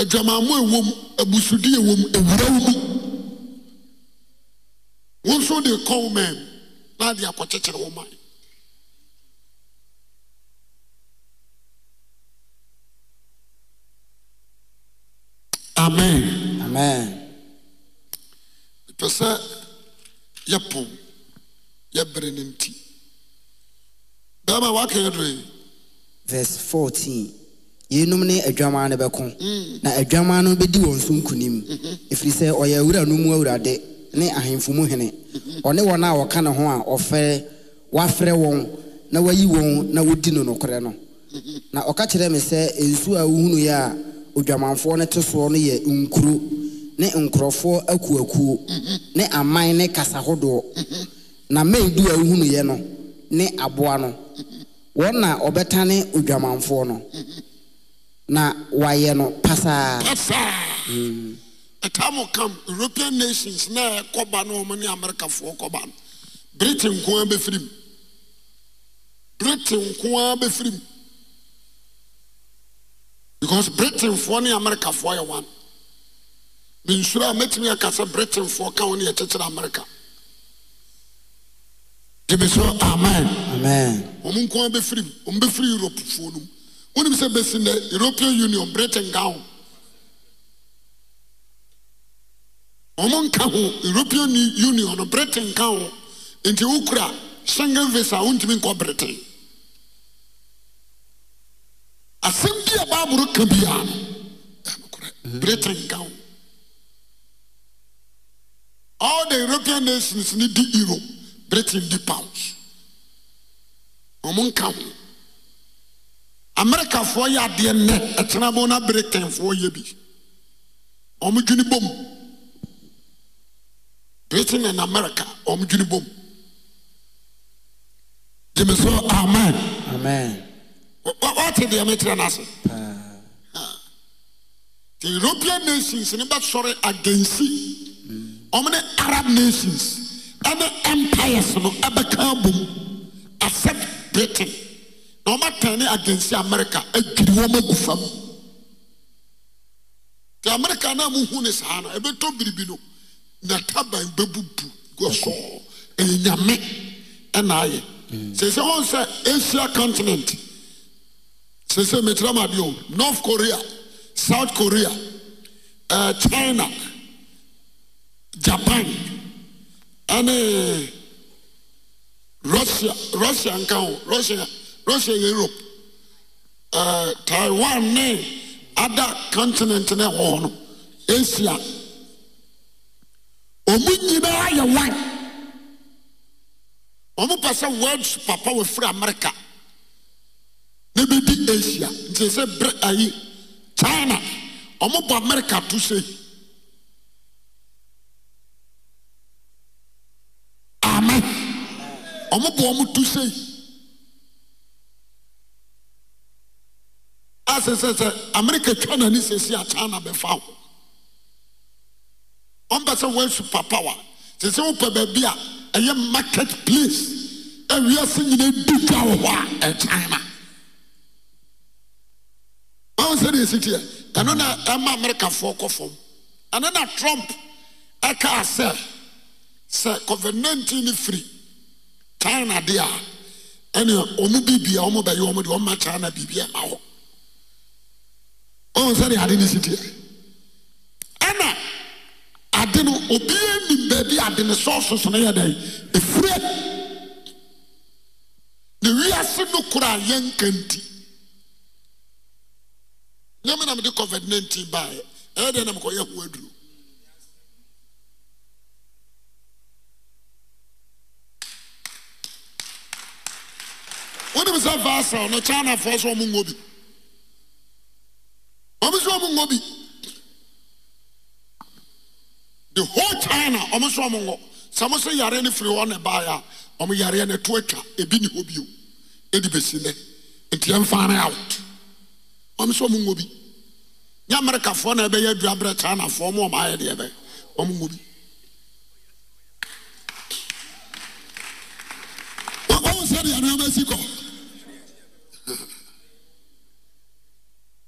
adwamaamo wo abusude wo wuraw mu wosdeade akɔkyekyerɛ omaaam pɛ sɛ yɛpow yɛbere nomti bɛima waka ɛdrɛɛ vers 1f yeinom ne adwamaa no bɛko mm. na adwamaa no bɛdi wɔn so nkonim mm-hmm. ɛfiri sɛ ɔyɛ awura no mu awurade ne ahemfo mu hene ɔne wɔn a wɔka ne ho a ɔfɛ wafrɛ wɔn na wayi wɔn na wodi no nokorɛ no na ɔka kyerɛ me sɛ nsuo a wohunu yɛ a odwamanfoɔ no te soɔ no yɛ nkuro ne nkurɔfoɔ akuakuo ne aman ne kasa hodoɔ na mmedu a wohunu yɛ no ne aboa no wɔn na ɔbɛtane odwamanfoɔ no na wayɛ no pasaa. pasaa. Mm. ɔtamɔ kam european nations naɛkɔba no ɔne merikafoɔ bria nbia nɛfi becaus britainfoɔ ne amerikafoɔ yɛwan mensuro a mɛtimi ɛka sɛ britainfoɔ ka wo ne yɛkyekyerɛ amerika dmi s a ɛi ɛfi eurpfoɔ n won sɛ bɛsimdɛ european union britain gown omo nka ho european union no britan nka ho nti wokura syɛnka mfesaa wontumi nkɔ britan asɛm bi a babro ka bia britan nka ho all he european nations ne di ero britan di pows omo nka ho amerikafoɔ yɛadeɛ nnɛ ɛtenabo no bretanfoɔ ya bi ɔmdwne bom britain n amerika ɔmdwenibom demsɛ amn ɔte deɛ metrɛ no ase ti european nations ne bɛsɔre agansi ɔm ne arab nations ne empire s no ɛbɛka e bo m acept britain na ɔmatane agansi amerika adwiri e ɔm agu fa mu ti amerika na a mohu ne saa no ɔbɛtɔ biribi no nataba bɛbubu gs ɛnyame naayɛ mm. sɛ ɛsɛ woe sɛ asia continent sɛ sɛ mɛtramadio north korea south korea china japan ne rusa russia nka ho russia europe taiwan ne ader continent ne ɛhɔɔ no asia ɔmo nyima ayɛ wan ɔmopɛ sɛ wansu papa wafiri amerika ne bɛdi asia ntiɛ sɛ berɛ ai china ɔmobɔ amerika tosɛi amɛ ɔmobɔ ɔmo to sei asɛ sɛ sɛ amerika twana ne sesi a china bɛfawo ɔmpɛ sɛ waa supapower sɛ sɛ wopɛ baabi a ɛyɛ market place awiasɛ nyina du gwa wo hɔ a caina ɔwɛsɛdeɛ ɛsiteɛ ɛno na ɛma amerikafoɔ kɔfɔ ɛno na trump ɛkaa sɛ sɛ covid-19 firi caina de a ɛne ɔmo bibia ɔmbɛyɔ ɔ m deɛ ɔma chaana biribia ɛma wɔ ɔwɛ nsɛdeɛ ade ne siteɛ ɛna ade no obiaa nim na ade ne sɔɔsoso no yɛ dɛn ɛfirɛ ne wiase no na mede covid-19 baeɛ ɛyɛ dɛn na mekɔyɛ ho aduro wonim sɛ no chinafoɔ so ɔmo bi ɔmo so ɔmo bi the whole china ɔmo nso ɔmo ngɔ sɛ ɔmo nso yare ne firi hɔ ne baayɛ a ɔmo yare na to atwa ebi ne hɔ bio edi besi nɛ nti ɛnfa ne out ɔmo nso ɔmo ngɔ bi nyɛ amerikafoɔ na ɛbɛyɛ adua brɛ chinafoɔ ɔmo ɔmo ayɛ deɛ bɛ ɔmo ngɔ bi. ɔmo sɛ deɛ ne ɔmo esi kɔ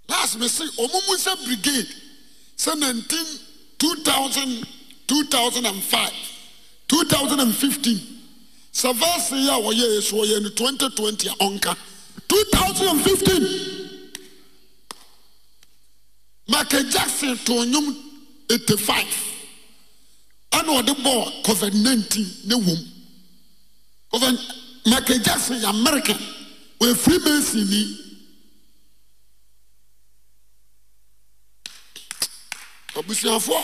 last me say ɔmo mu sɛ brigade sɛ nineteen two thousand. 252015 sɛvase a ɔyɛyɛsoɔyɛ ne 2020 a ɔk 2015 mikijackson to wo 85 ane ɔde bɔɔ covid-19 ne wom miki jackson american wfribeasn bafo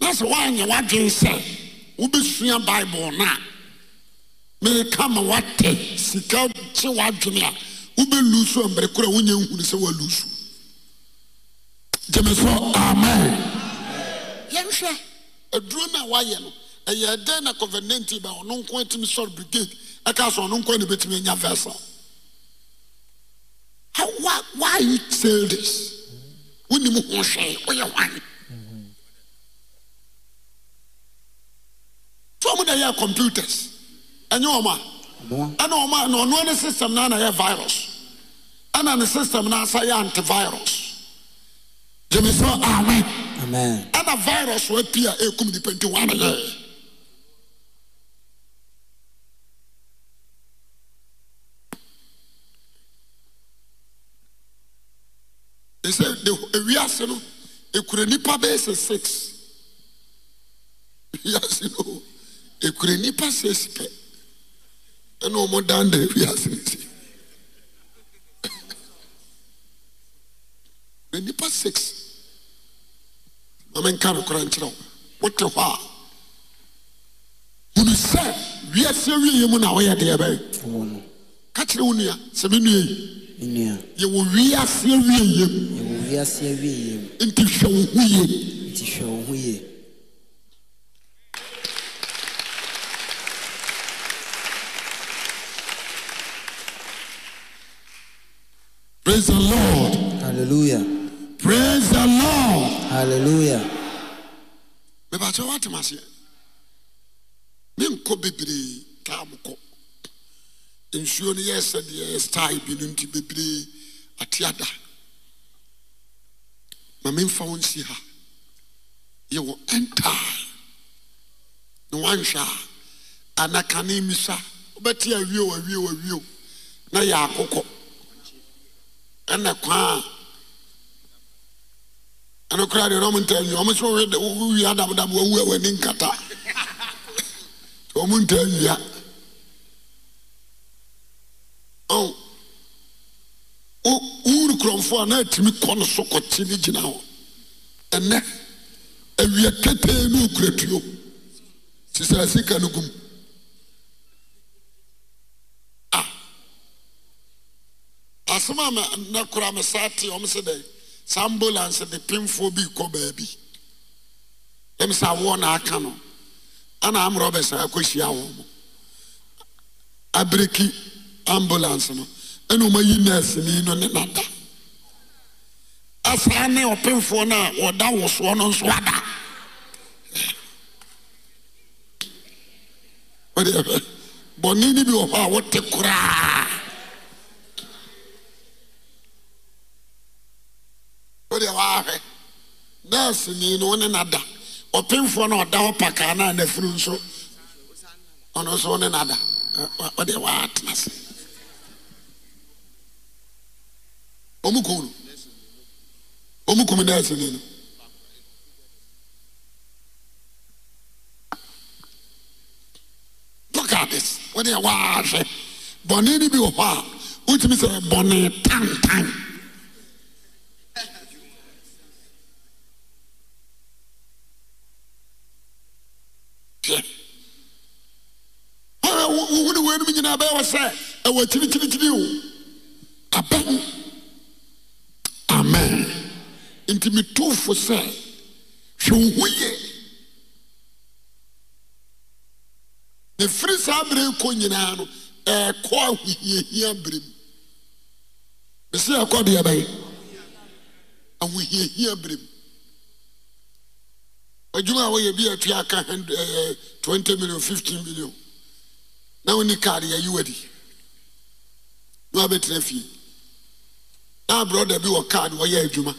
na sɛ woanyɛ w'adwen sɛa wobɛsua bible no a meka ma woatɛ sika kye w'adwene a wobɛlu so amere kor a wonya hunu sɛ wal s gymes amen yɛnhɛ aduro ne a woayɛ no ɛyɛ dan na coved-19 bɛ ɔno nko timi sɔr brigade ka so ɔno nkn ne bɛtumi anya versa waye kedis wonnim ho hwɛe woyɛ hɔae ta mnɛ ɛyɛ computers ɛnyɛ ɔma ɛnɔma na ɔnoa ne system no ana yɛ virus ɛna ne system na asa yɛ antivirus yemesɛa ana virus a piia ɛkum nnipa nti ho ana yɛɛ ɛwiase no ɛkura nnipa basi six ɛkura nnipa sis kɛ ne ɔmɔdan <laughs> da wiasen ɛ nipa six mamenka no kora nkyerɛ ho wote hɔ a hunu sɛ wiaseɛ wieya mu na woyɛ deɛ bɛɛ ka kyerɛ wo nnua sɛ bɛnnua i yɛwɔ wiaseɛ wieyam nti hwɛ wo ho yeoho ye ayaya mebateɛ woatem aseɛ menkɔ bebree tamo kɔ nsuo no yɛsɛde ɛ stye bino nti bebree ateada ma memfa wo nsi ha yɛwɔ ɛntaa ne wanhwɛ a anakane misa wobɛte awio awio awio na yɛ akokɔ ɛnɛ kwaa ɔno koradeɛ ne ɔmonta ia ɔmo sɛ wia damdam wawua w'ani nkata ɛ <laughs> ɔmonta wia wowurukrɔmfo ana atumi kɔ no so kɔte ne gyina wɔ ɛnɛ awia ketee ne ɔkura tuo tesɛasika no gum somana kora mesaa tee ɔm sɛ dɛ sɛ ambulanse de pemfoɔ bi kɔ baabi ɔmsɛ wo na aka no ana amrɛbɛsa a akɔhyia awɔ mɔ abreki ambulance no nomyi nna asni no ne nada asaa ne ɔpemfoɔ no a ɔda wo soɔ no nso ada bɔne ne bi wɔ hɔ a wote koraa wodeɛ waahwɛ daaseni no wo ne ada ɔpemfoɔ no ɔda hɔ pakaa na anafunu nso ɔno nso wo ne nada wodeɛ waatena se ɔmu kum no ɔmu kum daaseni no look at waahwɛ bɔne no bi wɔ hɔ a wotumi sɛ bɔne nom nyinaa bɛɛwɔ sɛ ɛwɔ kyirikyirikyiri wo aban amen nti metoofo sɛ hwɛ wohu ie ne firi saa berɛi kɔ nyinaa no ɛɛkɔ ahohiahia birɛm mɛsɛ ɛkɔ deɛ bɛnɛ ahohiahia birɛm aadwuma a woyɛ biatuaka 20 million 15 million na woni kaade yɛyi wadi na wabɛtena fie na brɔda bi wɔ kaade wɔyɛ adwuma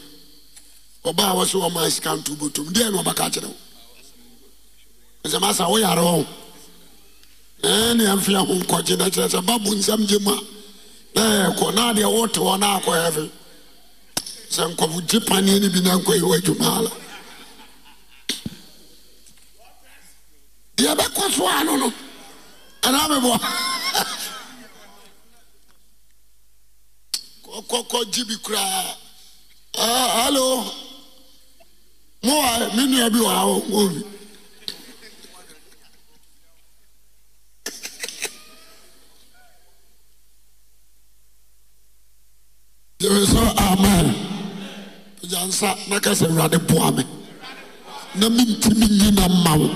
ɔbaa wɔ so wɔma sika nto deɛ na ɔbɛka kyerɛ wo nsɛm asa woyare wɔ ho ne ɛmfe ho nkɔgye na kyerɛ sɛ babo nsɛm gye mu a na ɛkɔ na adeɛ wote hɔ na akɔ hɛfe sɛ nkɔfo gye paneɛ no bi na nkɔyɛ w'adwuma ala deɛ bɛkɔ so a no no aná mɛba <laughs> kkɔdgibi kora alo ah, mʋwa míneabi waawɔ m s ame dzansá ná kɛsɛ wrade bʋa mɛ ná míŋti mígyi ná mawo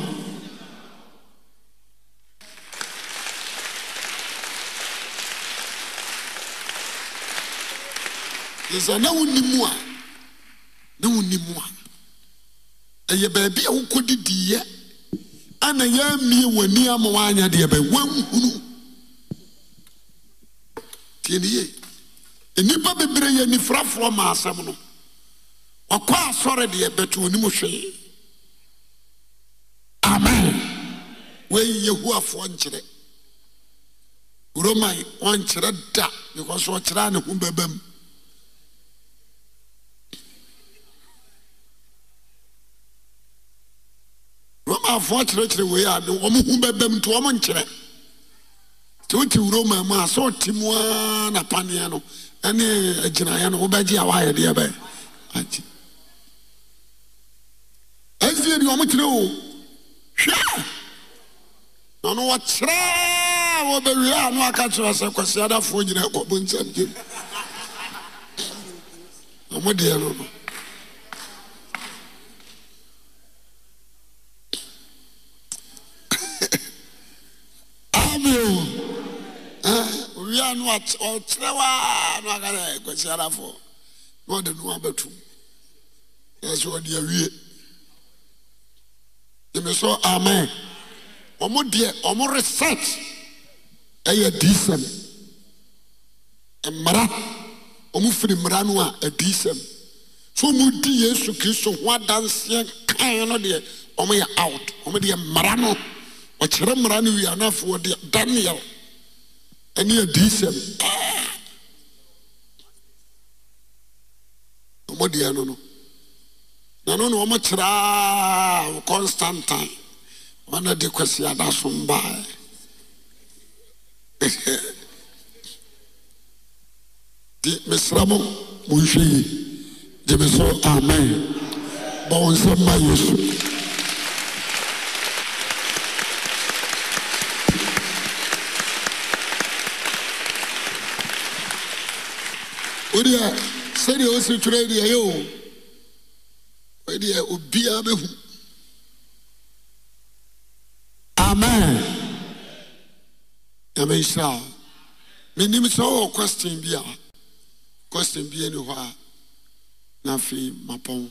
tɛ sɛ ne wonnimu a ne wonni mu a ɛyɛ baabi a wo kɔdi diiɛ ana yɛamie w'ani ama w'anyɛ deɛ bɛ wanhunu nti neye nipa bebre yɛannifuraforɔ ma asɛm no ɔkɔ asɔre deɛ eh, bɛto ɔnim hwee amen woi yɛhowafoɔ nkyerɛ romae ɔnkyerɛ da neko so ɔkyerɛ a ne ho baaba mu fo kyerɛkyerɛ wei a ɔmohu bɛbɛm nti ɔmo nkyerɛ ti wote roma mu a sɛ ɔtemoaa napaneɛ no ne agyinaeɛ no wobɛgye a wayɛ deɛ bɛɛ asi di ɔmokyerɛ o hwa nɔno wɔkyerɛa wɔbɛwie a ne aka kye sɛ kɔseadafoɔ gyinakɔb nsɛm gye ɔmodeɛ no n ɔkyrɛ w nsafoɔ dnabɛɛɔde wie im s am ɔmodeɛ ɔmo resert yɛ adisɛm mmara ɔmo firi mmara no a adisɛm sɛ ɔmodi yesu kristo ho adanseɛ ka no deɛ ɔmoyɛ out ɔmodeɛ mmara no ɔkyerɛ mmara no wieana afo ɔdeɛ daniɛl ani adii sɛm ɔmɔdeɛ no no naɔno no ɔmmɔkyerɛ constan tim ana de kɔseada so m ba <laughs> di mesrɛ m mo nhwɛ yi dye mesɛ ama bɔɔ nsɛm ma yɛ su wodea sɛdeɛ wo si twerɛ deɛ yɛ o wdeɛ obiaa bɛhu aman namenhyirɛa mennim sɛ wwɔ queston bi a queston biaani hɔ a na afei mapɔn